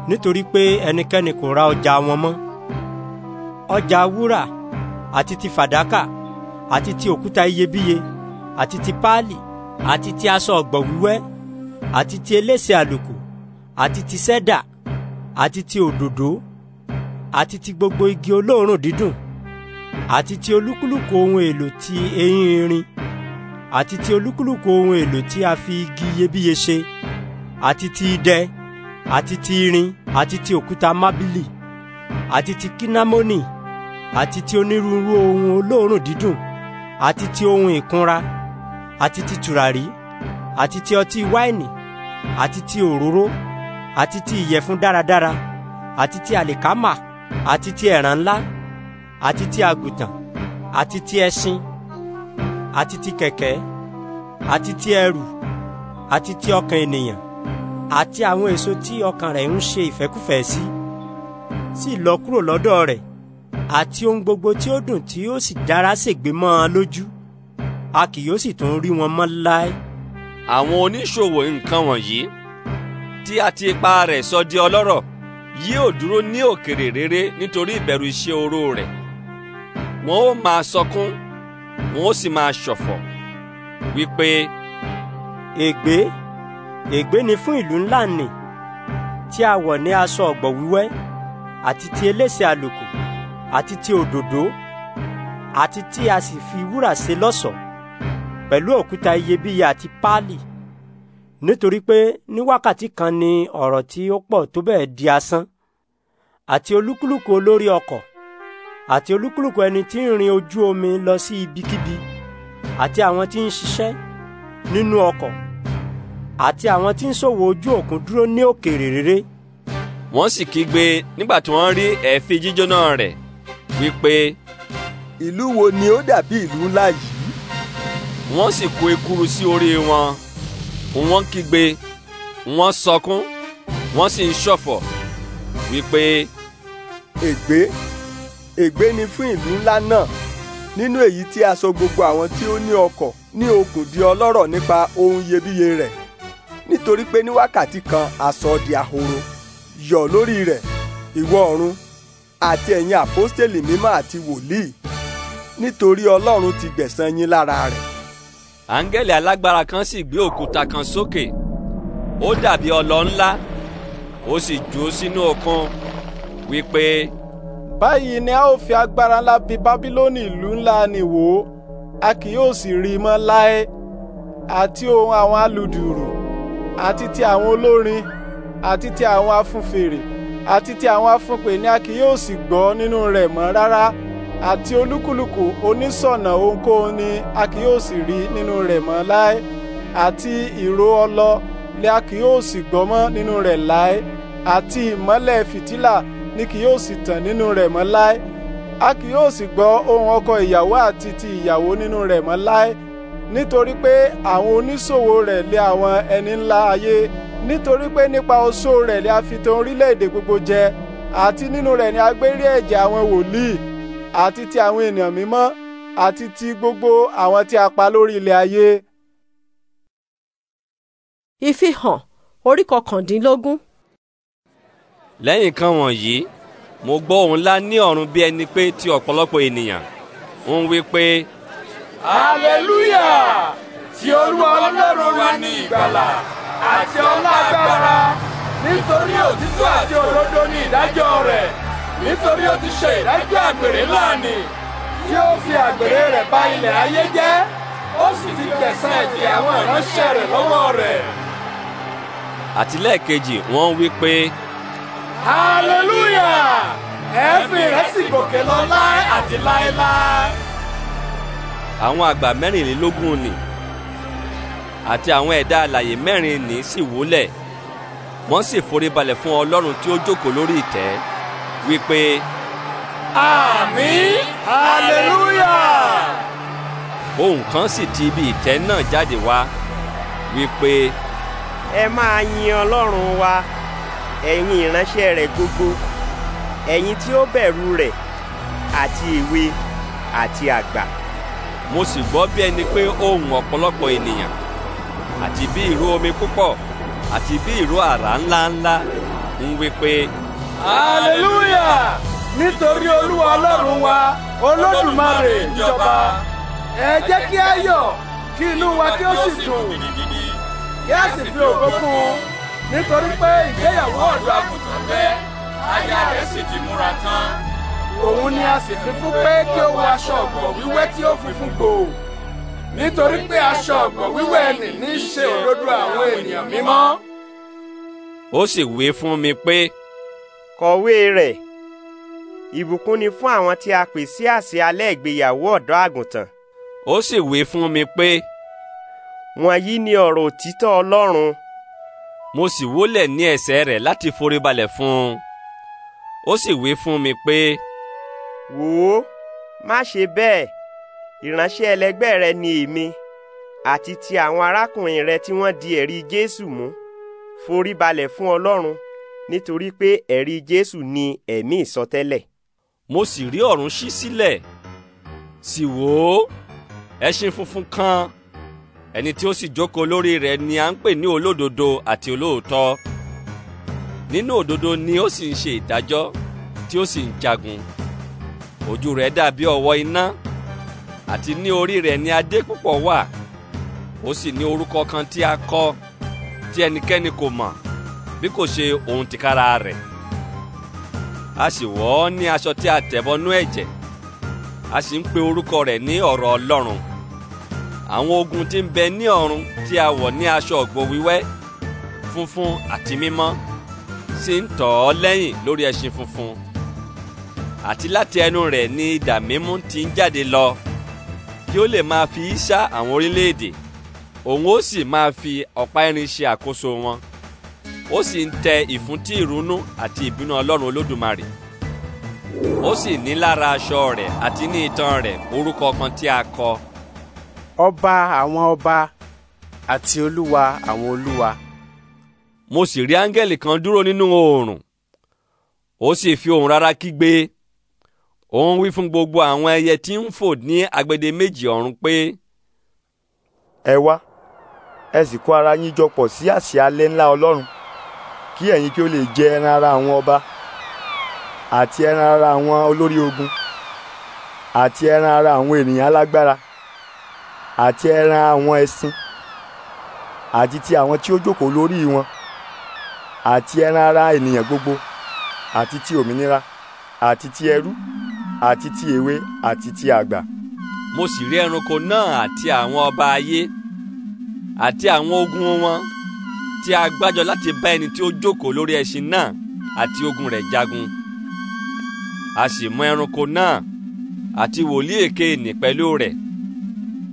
nítorí pé ẹnikẹ́ni kò ra ọjà wọn mọ́ ọjà wúrà àti ti fàdákà àti ti òkúta iyebíye àti ti páálì àti ti aṣọ ọ̀gbọ̀ wíwẹ́ àti ti elése àlùkò àti ti sẹ́dà àti ti òdòdó àti ti gbogbo igi olóòórùn dídùn àti ti olúkúlùkù ohun èlò ti eyín irin àti ti olúkúlùkù ohun èlò tí a fi igi iyebíye ṣe àti ti idẹ àti ti irin àti ti òkúta mábìlì àti ti kinamoni àti ti onírúurú ohun olóòórùn dídùn àti ti ohun ìkunra àti ti tùràrí àti ti ọtí wáìnì àti ti òróró àti ti ìyẹ̀fun dáradára àti ti àlìkámà àti ti ẹ̀ràn ńlá àti ti àgùntàn àti ti ẹṣin àti ti kẹ̀kẹ́ àti ti ẹrù àti ti ọkàn ènìyàn àti àwọn èso tí ọkàn rẹ̀ ń ṣe ìfẹ́kúfẹ̀ẹ́ sí sì lọ kúrò lọ́dọ̀ rẹ̀ àti ohun gbogbo tí ó dùn tí ó sì dára ṣègbè mọ́ ọ lójú a kì yóò sì tún rí wọn mọ́ láé. àwọn oníṣòwò nǹkan wọ̀nyí tí a ti ipa rẹ̀ sọ di ọlọ́rọ̀ yóò dúró ní òkèrè rere nítorí ìbẹ̀rù iṣẹ́ oró rẹ̀ wọn ó máa sọkún wọn ó sì máa ṣọ̀fọ̀ wípé. ègbé ègbé ni fún ìlú ńlá nì tí a wọ̀ ní aṣọ ọ̀gbọ̀ wíwẹ́ àti ti elése àlùkò àti ti òdòdó àti tí a sì fi wúrà ṣe lọ́ṣọ̀ọ́ pẹ̀lú òkúta iyebíye àti páálì nítorí pé ní wákàtí kan ni ọ̀rọ̀ tí ó pọ̀ tó bẹ́ẹ̀ di asán àti olúkúlùkù olórí ọkọ̀ àti olúkúlùkù ẹni tí ń rin ojú omi lọ sí ibikíbi àti àwọn tí ń ṣiṣẹ́ nínú ọkọ̀ àti àwọn tí ń ṣòwò ojú òkun dúró ní òkèèrè rere. wọ́n sì kígbe nígbà tí wọ́n rí ẹ̀fín jíjóná rẹ̀ wípé. ìlú wo ni ó dàbí ìlú ńlá yìí. wọ́n sì kó ekuru sí orí wọn wọ́n kígbe wọ́n sọkún wọ́n sì ń ṣọ̀fọ̀ wípé. ègbé ègbé ni fún ìlú ńlá náà nínú èyí tí a sọ gbogbo àwọn tí ó ní ọkọ̀ ní okùn di ọlọ́rọ̀ nípa ohun iyebíye rẹ̀ nítorí pé ní wákàtí kan a di ahoro yọ̀ lórí rẹ̀ ìwọ ọ̀run àti ẹ̀yin àpọ́stélì mímọ́ àti wòlíì nítorí ọlọ́run ti gbẹ̀san yín lára rẹ̀. áńgẹ́lì alágbára kan sì gbé òkúta kan sókè ó dàbí ọlọ ńlá ó sì jù ú sínú òkun wípé. báyìí ni a ó fi agbára ńlá bì bábílónì ìlú ńlá nì a kì yóò sì rí i mọ́ láé àti ohun àwọn alùdùrù àti ti àwọn olórin àti ti àwọn afúnfèrè àti ti àwọn afúnpè ni a kì yóò sì gbọ́ nínú rẹ̀ mọ́ rárá àti olúkúlùkù onísọ̀nà ohunkóhun ni a kì yóò sì rí nínú rẹ̀ mọ́ láé àti ìró ọlọ ni a kì yóò sì gbọ́ mọ́ nínú rẹ̀ láé àti ìmọ́lẹ̀ fìtílà ni kì yóò sì tàn nínú rẹ̀ mọ́ láé a kì yóò sì gbọ́ ohùn ọkọ ìyàwó àti ti ìyàwó nínú rẹ̀ mọ́ láé nítorí pé àwọn oníṣòwò rẹ̀ lé àwọn ẹni ńlá ayé nítorí pé nípa oṣó rẹ̀ ni a fi tàn orílẹ̀-èdè gbogbo jẹ àti nínú rẹ̀ ni a gbé rí ẹ̀jẹ̀ àwọn wòlíì àti ti àwọn ènìyàn mímọ́ àti ti gbogbo àwọn tí a pa lórí ilẹ̀ ayé. ìfihàn orí kọkàndínlógún. lẹ́yìn kan wọ̀nyí mo gbọ́ ohùn ńlá ní ọ̀run bí ẹni pé ti ọ̀pọ̀lọpọ̀ ènìyàn ń wí pé. hallelujah! ti olúwa ọlọ́run wa ni ìgbàlà àti ọlá agbára nítorí òtítọ́ àti òdodo ni ìdájọ́ rẹ̀ nítorí ó ti ṣe ìdájọ́ àgbèrè ńlá tí ó fi àgbèrè rẹ̀ bà ilẹ̀ ayé jẹ́ ó sì ti gbẹ̀san ẹ̀jẹ̀ àwọn ìránṣẹ́ rẹ̀ lọ́wọ́ rẹ̀. àti lẹ́ẹ̀kejì wọ́n wí pé. hallelujah ẹ̀ẹ́fìn rẹ̀ sì gòkè lọ láé àti láéláé. àwọn àgbà mẹ́rìnlélógún ni àti àwọn ẹ̀dá alàyè mẹ́rin ní sì wólẹ̀ wọ́n sì forí balẹ̀ fún ọlọ́run tí ó jókòó lórí ìtẹ́ wípé. àmín aleluya. ohùn kan sì ti ibi ìtẹ́ náà jáde wá wípé. ẹ máa yin ọlọ́run wa ẹ̀yin ìránṣẹ́ rẹ̀ gbogbo ẹ̀yin tí ó bẹ̀rù rẹ̀ àti èwe àti àgbà. mo sì gbọ́ bí ẹni pé ohùn ọ̀pọ̀lọpọ̀ ènìyàn àti bí ìró omi púpọ̀ àti bí ìró àrá ńláńlá ń wí pé. hallelujah nítorí olúwa ọlọ́run wa olódùmarè ń jọba ẹ jẹ́ kí a yọ̀ kí inú wa kí ó sì dùn kí a sì fi ògo fún un nítorí pé ìgbéyàwó ọ̀dọ́ àgùntàn bẹ́ẹ̀ aya rẹ̀ sì ti múra tán. òun ni a sì fi fún pé kí ó wọ aṣọ ọ̀gbọ̀ wíwẹ́ tí ó funfun gbòò nítorí pé aṣọ ọ̀gbọ̀ wíwẹ̀ ẹni ní í ṣe òdodo àwọn ènìyàn mímọ́. ó sì wí fún mi pé. kọ̀wé rẹ̀ ìbùkún ni fún àwọn tí a pè sí àsè alẹ́ ìgbéyàwó ọ̀dọ́ àgùntàn. ó sì wí fún mi pé. wọ̀nyí ni ọ̀rọ̀ òtítọ́ ọlọ́run. mo sì wólẹ̀ ní ẹsẹ̀ rẹ̀ láti foríbalẹ̀ fún un. ó sì wí fún mi pé. wò ó má ṣe bẹ́ẹ̀ ìránṣẹ́ ẹlẹgbẹ́ rẹ ni èmi àti ti àwọn arákùnrin rẹ tí wọ́n di ẹ̀rí Jésù mú forí balẹ̀ fún Ọlọ́run nítorí pé ẹ̀rí Jésù ni ẹ̀mí ìsọtẹ́lẹ̀. mo sì rí ọ̀run ṣí sílẹ̀ sì wò ó ẹṣin funfun kan ẹni tí ó sì jókòó lórí rẹ̀ ni à ń pè ní olódodo àti olóòótọ́ nínú òdodo ni ó sì ń ṣe ìdájọ́ tí ó sì ń jagun ojú rẹ̀ dàbí ọ̀wọ́ iná àti ní orí rẹ̀ ni adé púpọ̀ wà ó sì ní orúkọ kan tí a kọ tí ẹnikẹ́ni kò mọ̀ bí kò ṣe òun tìkára rẹ̀ a sì wọ̀ ọ́ ní aṣọ tí a tẹ̀bọnú ẹ̀jẹ̀ a sì ń pe orúkọ rẹ̀ ní ọ̀rọ̀ Ọlọ́run àwọn ogun tí ń bẹ ní ọ̀run tí a wọ̀ ní aṣọ ògbó wíwẹ́ funfun àti mímọ́ sì ń tọ̀ ọ́ lẹ́yìn lórí ẹṣin funfun àti láti ẹnu rẹ̀ ni idà mímú ti ń jáde lọ kí ó lè máa fi ṣá àwọn orílẹ̀-èdè òun ó sì máa fi ọ̀pá irin ṣe àkóso wọn ó sì ń tẹ ìfúntí ìrunú àti ìbínú ọlọ́run olódùmarè ó sì ní lára aṣọ rẹ̀ àti ní itan rẹ̀ orúkọ kan tí a kọ. ọba àwọn ọba àti olúwa àwọn olúwa. mo sì rí áńgẹ́lì kan dúró nínú oòrùn ó sì fi ohùn rárá kígbe òun wí fún gbogbo àwọn ẹyẹ tí ń fò ní agbede méjì ọ̀run pé. ẹ wá ẹ sì kó ara yín jọ pọ̀ sí àsíálẹ̀ ńlá ọlọ́run kí ẹ̀yin kí ó lè jẹ ẹran ara àwọn ọba àti ẹran ara àwọn olórí ogun àti ẹran ara àwọn ènìyàn alágbára àti ẹran àwọn ẹṣin àti ti àwọn tí ó jókòó lórí wọn àti ẹran ara ènìyàn gbogbo àti ti òmìnira àti ti ẹrú. E àti ti èwe àti ti àgbà. mo sì rí ẹranko náà àti àwọn ọba ayé àti àwọn ogun wọn tí a gbájọ láti bá ẹni tí ó jókòó lórí ẹṣin náà àti ogun rẹ̀ jagun a sì mú ẹranko náà àti wòlíì èké nì pẹ̀lú rẹ̀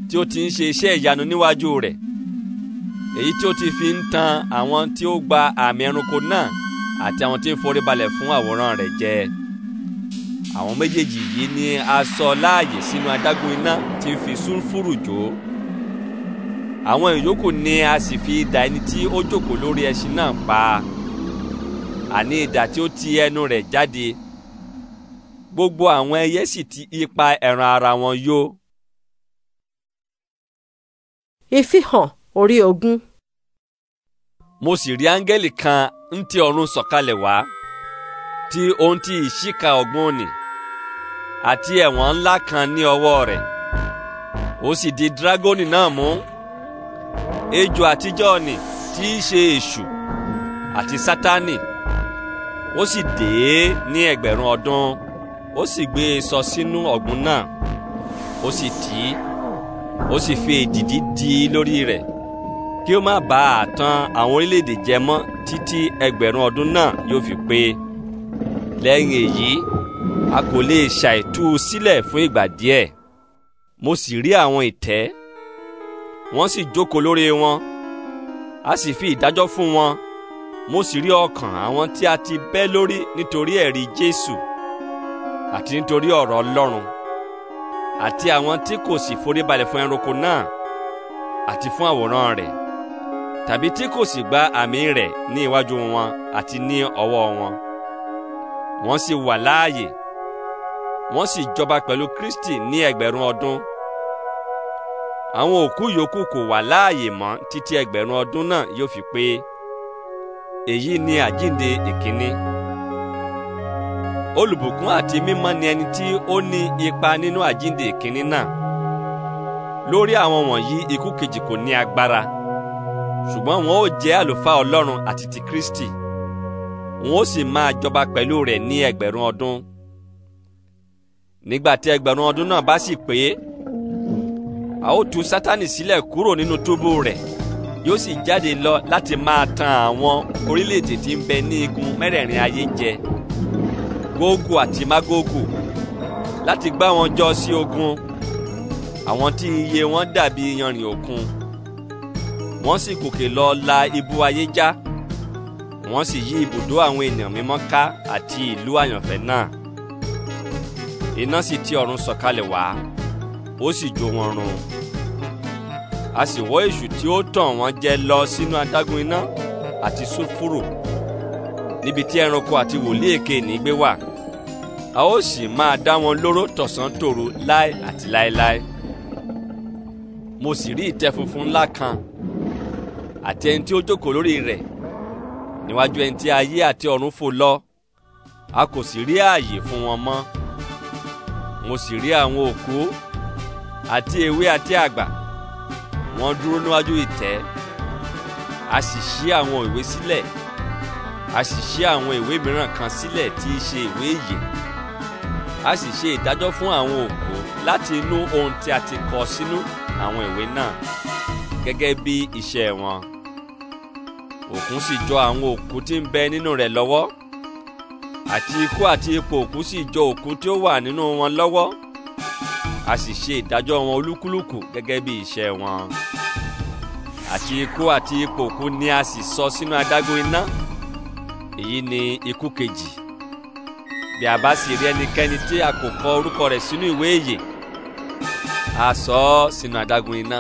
tí ó ti ń ṣe iṣẹ́ ìyanu níwájú rẹ̀ èyí tí ó ti fi ń tan àwọn tí ó gba àmì ẹranko náà àti àwọn tí ń foríbalẹ̀ fún àwòrán rẹ̀ jẹ àwọn méjèèjì yìí ni a sọ láàyè sínú adágún iná tí fi sulfuru jó àwọn ìyókù ni a sì fi idà ẹni tí ó jókòó lórí ẹṣin náà pa àní idà tí ó ti ẹnu rẹ̀ jáde gbogbo àwọn ẹyẹ sì ti ipa ẹran ara wọn yó. ìfihàn orí ogún. mo sì rí áńgẹ́lì kan ń ti ọ̀run sọ̀kalẹ̀ wá tí ohun tí ìṣíka ọ̀gbun nì àti ẹ̀wọ̀n ńlá kan ní ọwọ́ rẹ̀ ó sì di dragoni náà mú ejò àtijọ́ ni tí í ṣe èṣù àti sátánì ó sì dè é ní ẹgbẹ̀rún ọdún ó sì gbé e sọ sínú ọ̀gbun náà ó sì tì í ó sì fi èdìdì dì í lórí rẹ̀ kí ó má bàa tàn àwọn orílẹ̀-èdè jẹ mọ́ títí ẹgbẹ̀rún ọdún náà yóò fi pé lẹ́yìn èyí a kò lè ṣàìtú sílẹ̀ fún ìgbà díẹ̀ mo sì rí àwọn ìtẹ́ wọ́n sì jókòó lórí wọn a sì fi ìdájọ́ fún wọn mo sì rí ọkàn àwọn tí a ti bẹ́ lórí nítorí ẹ̀rí Jésù àti nítorí ọ̀rọ̀ Ọlọ́run àti àwọn tí kò sì foríbalẹ̀ fún ẹranko náà àti fún àwòrán rẹ̀ tàbí tí kò sì gba àmì rẹ̀ ní iwájú wọn àti ní ọwọ́ wọn wọ́n sì wà láàyè wọ́n sì jọba pẹ̀lú Kristi ní ẹgbẹ̀rún ọdún àwọn òkú yòókù kò wà láàyè mọ́ títí ẹgbẹ̀rún ọdún náà yóò fi pé èyí ni àjínde ìkíní olùbùkún àti mímọ́ ni ẹni tí ó ní ipa nínú àjínde ìkíní náà lórí àwọn wọ̀nyí ikú kejì kò ní agbára ṣùgbọ́n wọn ó jẹ́ àlùfáà Ọlọ́run àti ti Kristi wọn ó sì máa jọba pẹ̀lú rẹ̀ ní ẹgbẹ̀rún ọdún nígbà tí ẹgbẹ̀rún ọdún náà bá sì pé a ó tu sátani sílẹ̀ kúrò nínú túbú rẹ̀ yóò sì jáde lọ láti máa tan àwọn orílẹ̀-èdè tí ń bẹ ní igun mẹ́rẹ̀ẹ̀rin ayé jẹ gógù àti mágógù láti gbá wọn jọ sí ogun àwọn tí iye wọn dàbí iyanrìn òkun wọ́n sì gòkè lọ la ibu ayé já. Ja wọ́n sì yí ibùdó àwọn ènìyàn mímọ́ ká àti ìlú àyànfẹ́ náà iná sì ti ọ̀run sọ̀kalẹ̀ wá ó sì jó wọn run a sì wọ́ èṣù tí ó tàn wọ́n jẹ lọ sínú adágún iná àti sulfuru níbi tí ẹranko àti wòlíì èké ní gbé wà a ó sì máa dá wọn lóró tọ̀sán tòru láé àti láéláé mo sì rí ìtẹ́ funfun ńlá kan àti ẹni tí ó jókòó lórí rẹ̀ níwájú ẹni tí ayé àti ọ̀run fò lọ a kò sì rí ààyè fún wọn mọ́ mo sì rí àwọn òkú àti èwe àti àgbà wọ́n dúró níwájú ìtẹ́ a sì ṣí àwọn ìwé sílẹ̀ a sì ṣí àwọn ìwé mìíràn kan sílẹ̀ tí í ṣe ìwé ìyè a sì ṣe ìdájọ́ fún àwọn òkú láti inú ohun tí a ti kọ sínú àwọn ìwé náà gẹ́gẹ́ bí iṣẹ́ wọn òkú sì jọ àwọn òkú tí ń bẹ nínú rẹ̀ lọ́wọ́ àti ikú àti ipò òkú sì jọ òkú tí ó wà nínú wọn lọ́wọ́ a sì ṣe ìdájọ́ wọn olúkúlùkù gẹ́gẹ́ bí iṣẹ́ wọn àti ikú àti ipò òkú ni a sì sọ sínú adágún iná èyí ni ikú kejì bí a bá sì rí ẹnikẹ́ni tí a kò kọ orúkọ rẹ̀ sínú ìwé ìyè a sọ ọ́ sínú adágún iná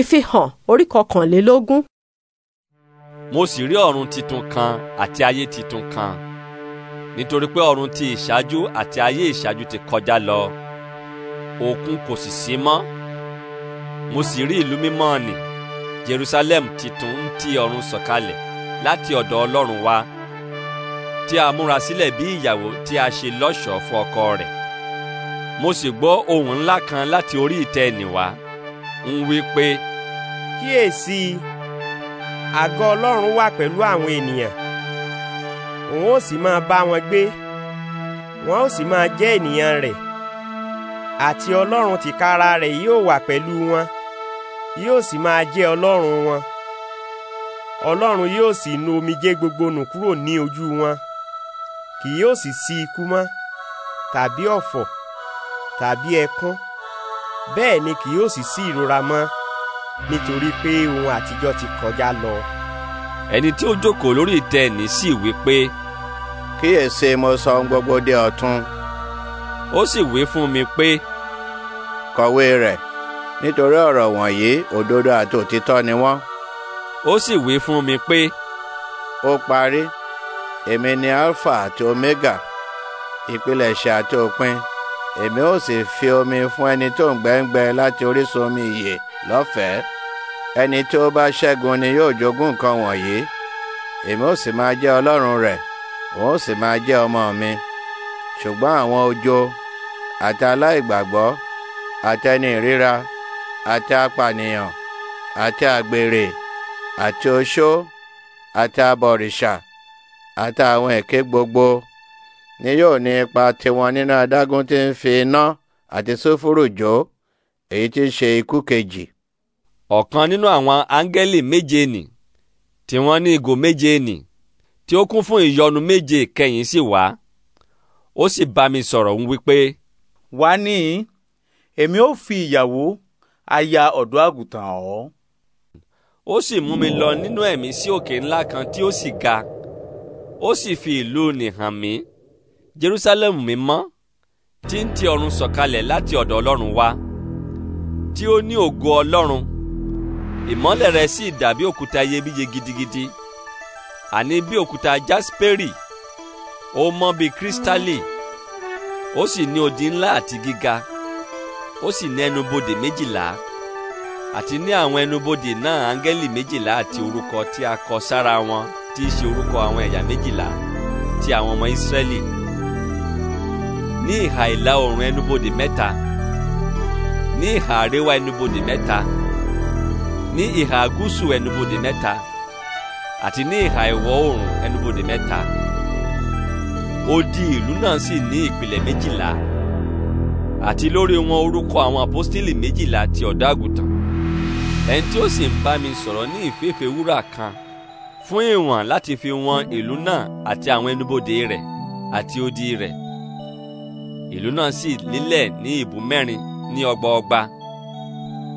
ìfihàn orí kọkànlélógún. mo sì rí ọ̀run titun kan àti ayé titun kan nítorí pé ọ̀run ti ìṣáájú àti ayé ìṣáájú ti kọjá lọ òkun kò sì sí mọ́ mo sì rí ìlú mímọ́ nì Jerusalem titun ń ti ọ̀run sọ̀kalẹ̀ láti ọ̀dọ̀ Ọlọ́run wá tí a múra sílẹ̀ bí ìyàwó tí a ṣe lọ́ṣọ̀ọ́ fún ọkọ rẹ̀ mo sì gbọ́ ohùn ńlá kan láti orí ìtẹ́ ẹnì ń wí pé. kíyèsí àgọ́ ọlọ́run wà pẹ̀lú àwọn ènìyàn òun ó sì máa bá wọn gbé wọn ó sì máa jẹ́ ènìyàn rẹ̀ àti ọlọ́run tìkára rẹ̀ yóò wà pẹ̀lú wọn yóò sì máa jẹ́ ọlọ́run wọn ọlọ́run yóò sì nu omijé gbogbo nù kúrò ní ojú wọn kì yóò sì sí ikú mọ́ tàbí ọ̀fọ̀ tàbí ẹkún. E bẹ́ẹ̀ ni kì yóò sì sí ìrora mọ́ nítorí pé ohun àtijọ́ ti kọjá lọ. ẹni tí ó jókòó lórí ìtẹ́ ẹ̀ní sì wí pé. kíyèsí mo sọ ohun gbogbo di ọ̀tun. ó sì wí fún mi pé. kọ̀wé rẹ̀ nítorí ọ̀rọ̀ wọ̀nyí òdodo àti òtítọ́ ni wọ́n. ó sì wí fún mi pé. ó parí èmi ni alpha àti omega ìpilẹ̀ṣẹ̀ àti òpin èmi ó sì fi omi fún ẹni tó ń gbẹ́ngbẹ́ láti orísun omi ìyè lọ́fẹ̀ẹ́ ẹni tó bá ṣẹ́gun ni yóò jogún nǹkan wọ̀nyí èmi ó sì máa jẹ́ ọlọ́run rẹ̀ òun ó sì máa jẹ́ ọmọ mi ṣùgbọ́n àwọn ojo àti aláìgbàgbọ́ àti ẹni ìríra àti apànìyàn àti àgbèrè àti oṣó àti abọ̀rìṣà àti àwọn èké gbogbo ni yóò ní ipa tiwọn nínú adágún tí ń fi iná àti sófòrò jó èyí tí ń ṣe ikú kejì. ọ̀kan nínú àwọn áńgẹ́lì méje nì tí wọ́n ní ìgò méje nì tí ó kún fún ìyọnu méje kẹyìn sí wá ó sì bá mi sọ̀rọ̀ ń wípé. wá níhìn èmi ó fi ìyàwó aya ọ̀dọ́ àgùntàn ọ̀. ó sì mú mi lọ nínú ẹ̀mí sí òkè ńlá kan tí ó sì ga ó sì fi ìlú nì hàn mí jerusalem mímọ́ tí ń ti ọ̀run sọ̀kalẹ̀ láti ọ̀dọ̀ ọlọ́run wá tí ó ní ògo ọlọ́run ìmọ́lẹ̀ rẹ̀ sì dàbí òkúta iyebíye gidigidi àní bí òkúta jasperi ó mọ́ bí kírísítálì ó sì ní odi ńlá àti gíga ó sì ní ẹnubodè méjìlá àti ní àwọn ẹnubodè náà áńgẹ́lì méjìlá àti orúkọ tí a kọ sára wọn tí í ṣe orúkọ àwọn ẹ̀yà méjìlá ti àwọn ọmọ ìsírẹ́lì ní ìhà ìlà oòrùn ẹnubodè mẹ́ta ní ìhà àríwá ẹnubodè mẹ́ta ní ìhà gúúsù ẹnubodè mẹ́ta àti ní ìhà ìwọ̀ oòrùn ẹnubodè mẹ́ta odi ìlú náà sì ní ìpìlẹ̀ méjìlá àti lórí wọn orúkọ àwọn àpọ́stélì méjìlá ti ọ̀dọ́ àgùntàn ẹni tí ó sì ń bá mi sọ̀rọ̀ ní ìféèfé wúrà kan fún ìwọ̀n láti fi wọn ìlú náà àti àwọn ẹnubodè rẹ̀ àti odi rẹ̀ ìlú náà sì lélẹ̀ ní ìbú mẹ́rin ní ọgbọọgba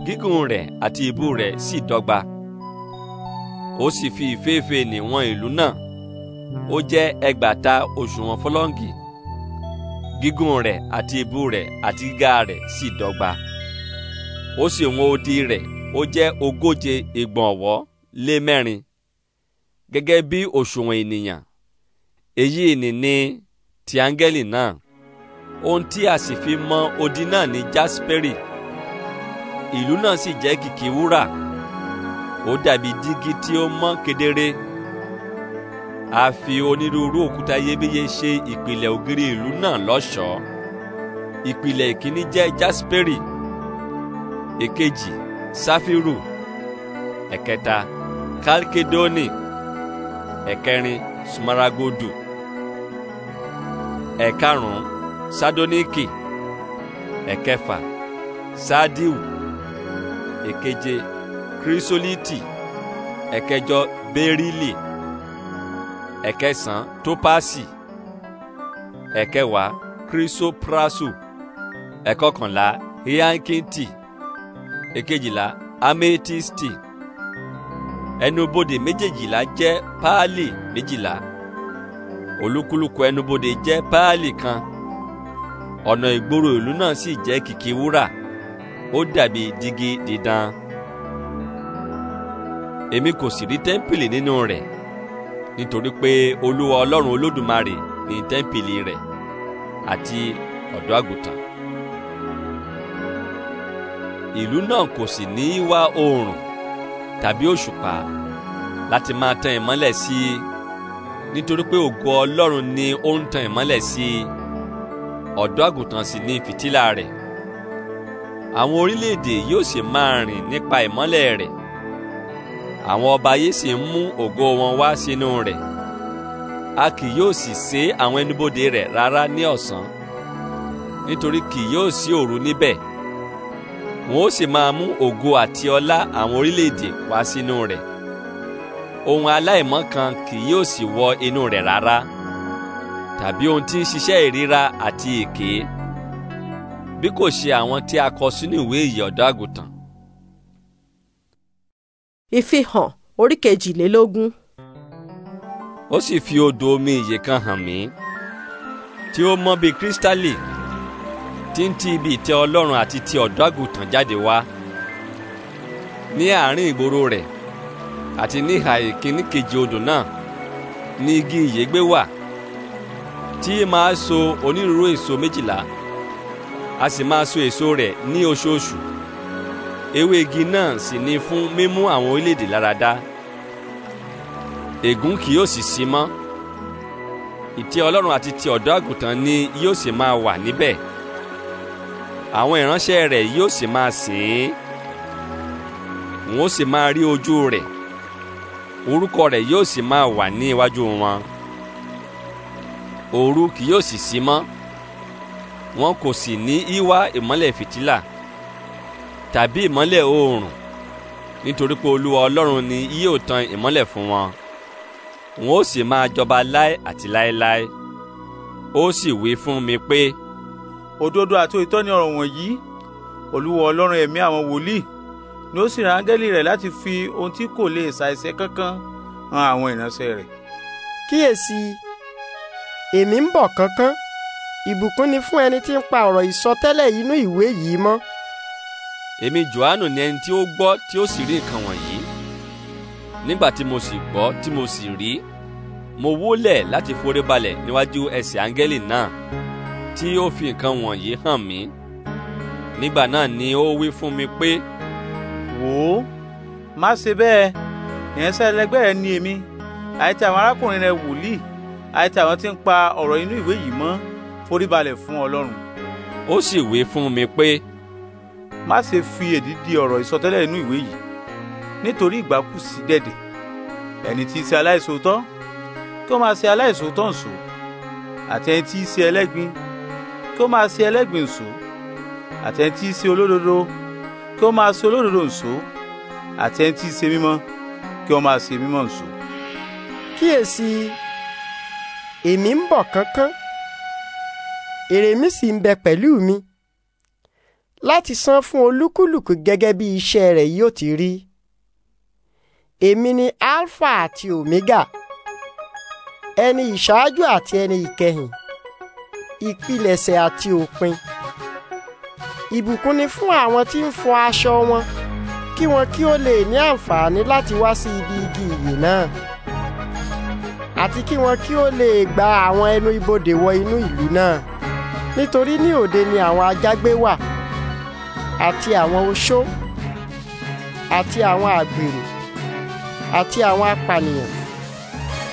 gígùn rẹ̀ àti ìbú rẹ̀ sì dọ́gba ó sì fi ìféèfé níwọ̀n ìlú náà ó jẹ́ ẹgbàáta òṣùwọ̀n fọlọ́ǹgì gígùn rẹ̀ àti ìbú rẹ̀ àti gíga rẹ̀ sì dọ́gba ó sì wọ̀n odi rẹ̀ ó jẹ́ ogóje ìgbọ̀nwọ́ lé mẹ́rin gẹ́gẹ́ bí òṣùwọ̀n ènìyàn èyí ni ní ti áńgẹ́lì náà ohun tí a sì fi mọ odi náà ní jasperi ìlú náà sì jẹ́ kìkì wúrà ó dàbí dígí tí ó mọ́ kedere a fi onírúurú òkúta iyebíye ṣe ìpìlẹ̀ ògiri ìlú náà lọ́ṣọ̀ọ́ ìpìlẹ̀ ìkíní jẹ́ jasperi èkejì Safiru ẹ̀kẹta kalkedoni ẹ̀kẹrin sumaragodu ẹ̀karùn-ún sadoniki ẹ̀kẹfà sadiu ẹ̀keje krisoliti ẹ̀kẹjọ berili ẹ̀kẹsàn topasi ẹ̀kẹwàá krisoprasu ẹ̀kọkànlá hiankinti ẹ̀kejìlá ametisti ẹnubodè méjèèjìlá jẹ́ paali méjìlá olúkúlùkù ẹnubodè jẹ́ paali kan ọ̀nà ìgboro ìlú náà sì jẹ́ kìkì wúrà ó dàbí dígí dídán èmi kò sì rí tẹ́ḿpìlì nínú rẹ̀ nítorí pé olúwa ọlọ́run olódùmarè ní tẹ́ḿpìlì rẹ̀ àti ọ̀dọ́ àgùntàn ìlú náà kò sì ní í wá oòrùn tàbí òṣùpá láti máa tan ìmọ́lẹ̀ sí i nítorí pé ògo ọlọ́run ni ó ń tan ìmọ́lẹ̀ sí i ọ̀dọ́ àgùntàn sì ni fìtílà rẹ̀ àwọn orílẹ̀-èdè yóò sì máa rìn nípa ìmọ́lẹ̀ rẹ̀ àwọn ọba ayé sì ń mú ògo wọn wá sínú rẹ̀ a kì yóò sì sé àwọn ẹnubodè rẹ̀ rárá ní ọ̀sán nítorí kì yóò sí òru níbẹ̀ wọn ó sì máa mú ògo àti ọlá àwọn orílẹ̀-èdè wá sínú rẹ̀ ohun aláìmọ́ kan kì yóò sì wọ inú rẹ̀ rárá tàbí ohun tí ń ṣiṣẹ́ ìríra àti èké bí kò ṣe àwọn tí a kọ sínú ìwé ìyè ọ̀dọ́ àgùntàn. ìfihàn orí kejìlélógún. ó sì fi odò omi ìyè kan hàn mí tí ó mọ́ bíi kírísítálì tí ń ti ibi ìtẹ́ ọlọ́run àti ti ọ̀dọ́ àgùntàn jáde wá ní àárín ìgboro rẹ̀ àti níhà ìkíní kejì odò náà ní igi ìyègbé wà tí máa so onírúurú èso méjìlá a sì máa so èso rẹ̀ ní oṣooṣù ewé igi náà sì ni fún mímú àwọn orílẹ̀-èdè láradá ègún kì yóò sì sí mọ́ ìtẹ́ ọlọ́run àti ti ọ̀dọ́ àgùntàn ni yóò sì máa wà níbẹ̀ àwọn ìránṣẹ́ rẹ̀ yóò sì máa sìn ín wọn sì máa rí ojú rẹ̀ orúkọ rẹ̀ yóò sì máa wà ní iwájú wọn òru kì yóò sì sí mọ́ wọn kò sì ní í wá ìmọ́lẹ̀ fìtílà tàbí ìmọ́lẹ̀ oòrùn nítorí pé olúwa ọlọ́run ni yóò tan ìmọ́lẹ̀ fún wọn wọn ó sì máa jọba láé àti láéláé ó sì wí fún mi pé. òdodo àti òtítọ́ ni ọ̀rọ̀ wọ̀nyí olúwa ọlọ́run ẹ̀mí àwọn wòlíì ni ó sì rán rẹ̀ láti fi ohun tí kò lè ṣàìṣe kankan hàn àwọn ìránṣẹ́ rẹ̀. kíyèsí èmi ń bọ̀ kánkán ìbùkún ni fún ẹni tí ń pa ọ̀rọ̀ ìsọtẹ́lẹ̀ inú ìwé yìí mọ́. èmi Jòhánù ni ẹni tí ó gbọ́ tí ó sì rí nǹkan wọ̀nyí nígbà tí mo sì gbọ́ tí mo sì rí mo wólẹ̀ láti forí balẹ̀ níwájú ẹsẹ̀ áńgẹ́lì náà tí ó fi nǹkan wọ̀nyí hàn mí nígbà náà ni ó wí fún mi pé. wò ó má ṣe bẹ́ẹ̀ ìránṣẹ́ ẹlẹgbẹ́ rẹ ni èmi àti àwọn arákùnrin rẹ wòlíì àti àwọn tí ń pa ọ̀rọ̀ inú ìwé yìí mọ́ foríbalẹ̀ fún ọlọ́run. ó sì wí fún mi pé. má ṣe fi èdí di ọ̀rọ̀ ìsọtẹ́lẹ̀ inú ìwé yìí nítorí ìgbà kù sí dẹ̀dẹ̀ ẹni tí í ṣe aláìṣòótọ́ kí ó máa ṣe aláìṣòótọ́ ǹṣó àti ẹni tí í ṣe ẹlẹ́gbin kí ó máa ṣe ẹlẹ́gbin ǹṣó àti ẹni tí í ṣe olódodo kí ó máa ṣe olódodo ǹṣó àti ẹni tí í ṣe mímọ́ kí ó máa ṣe mímọ́ ǹṣó. kíyèsí èmi ń bọ̀ kánkán èrè mi sì ń bẹ pẹ̀lú mi láti san fún olúkúlùkù gẹ́gẹ́ bí iṣẹ́ rẹ̀ yóò ti rí èmi ni alpha àti omega ẹni ìṣáájú àti ẹni ìkẹyìn ìpilẹ̀ṣẹ̀ àti òpin ìbùkún ni fún àwọn tí ń fọ aṣọ wọn kí wọn kí ó lè ní àǹfààní láti wá sí ibi igi ìyè náà àti kí wọn kí ó lè gba àwọn ẹnu ibodè wọ inú ìlú náà nítorí ní òde ni àwọn ajágbé wà àti àwọn oṣó àti àwọn àgbèrè àti àwọn apànìyàn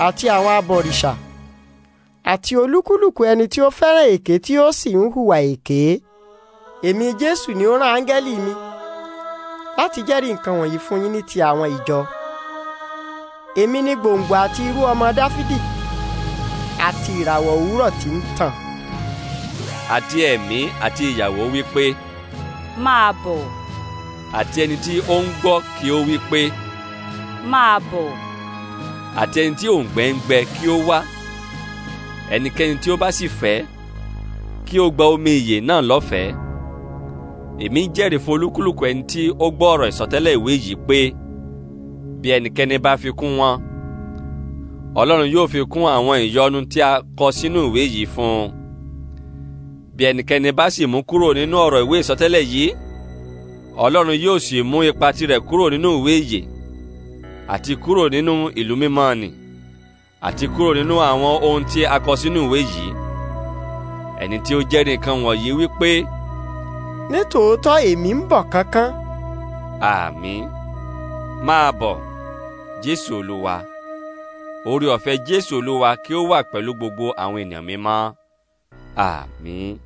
àti àwọn abọ̀rìṣà àti olúkúlùkù ẹni tí ó fẹ́ràn èké tí ó sì ń hùwà èké èmi Jésù ni ó rán áńgẹ́lì mi láti jẹ́rìí nǹkan wọ̀nyí fún yín ní ti àwọn ìjọ èmi ni gbòǹgbò àti irú ọmọ dáfídì àti ìràwọ̀ òwúrọ̀ tí ń tàn. àti ẹ̀mí àti ìyàwó wí pé. máa bọ̀. àti ẹni tí ó ń gbọ́ kí ó wí pé. máa bọ̀. àti ẹni tí òǹgbẹ ń gbẹ kí ó wá. ẹnikẹ́ni tí ó bá sì fẹ́ kí ó gba omi ìyè náà lọ́fẹ̀ẹ́. èmi jẹ́rìí fún olúkúlùkù ẹni tí ó gbọ́ ọ̀rọ̀ ìsọtẹ́lẹ̀ ìwé yìí pé bí ẹnikẹ́ni bá fi kún wọn ọlọ́run yóò fi kún àwọn ìyọnu tí a kọ sínú ìwé yìí fún un bí ẹnikẹ́ni bá sì mú kúrò nínú ọ̀rọ̀ ìwé ìsọtẹ́lẹ̀ yìí ọlọ́run yóò sì mú ipa tirẹ̀ kúrò nínú ìwé ìyè àti kúrò nínú ìlú mímọ́ nì àti kúrò nínú àwọn ohun tí a kọ sínú ìwé yìí ẹni tí ó jẹ́rìí nǹkan wọ̀nyí wípé. nítòótọ́ èmi ń bọ̀ kánkán. àmín máa bọ̀ jésù olúwa oore ọ̀fẹ́ jésù olúwa kí ó wà pẹ̀lú gbogbo àwọn ènìyàn mímọ́ àmín. Ah,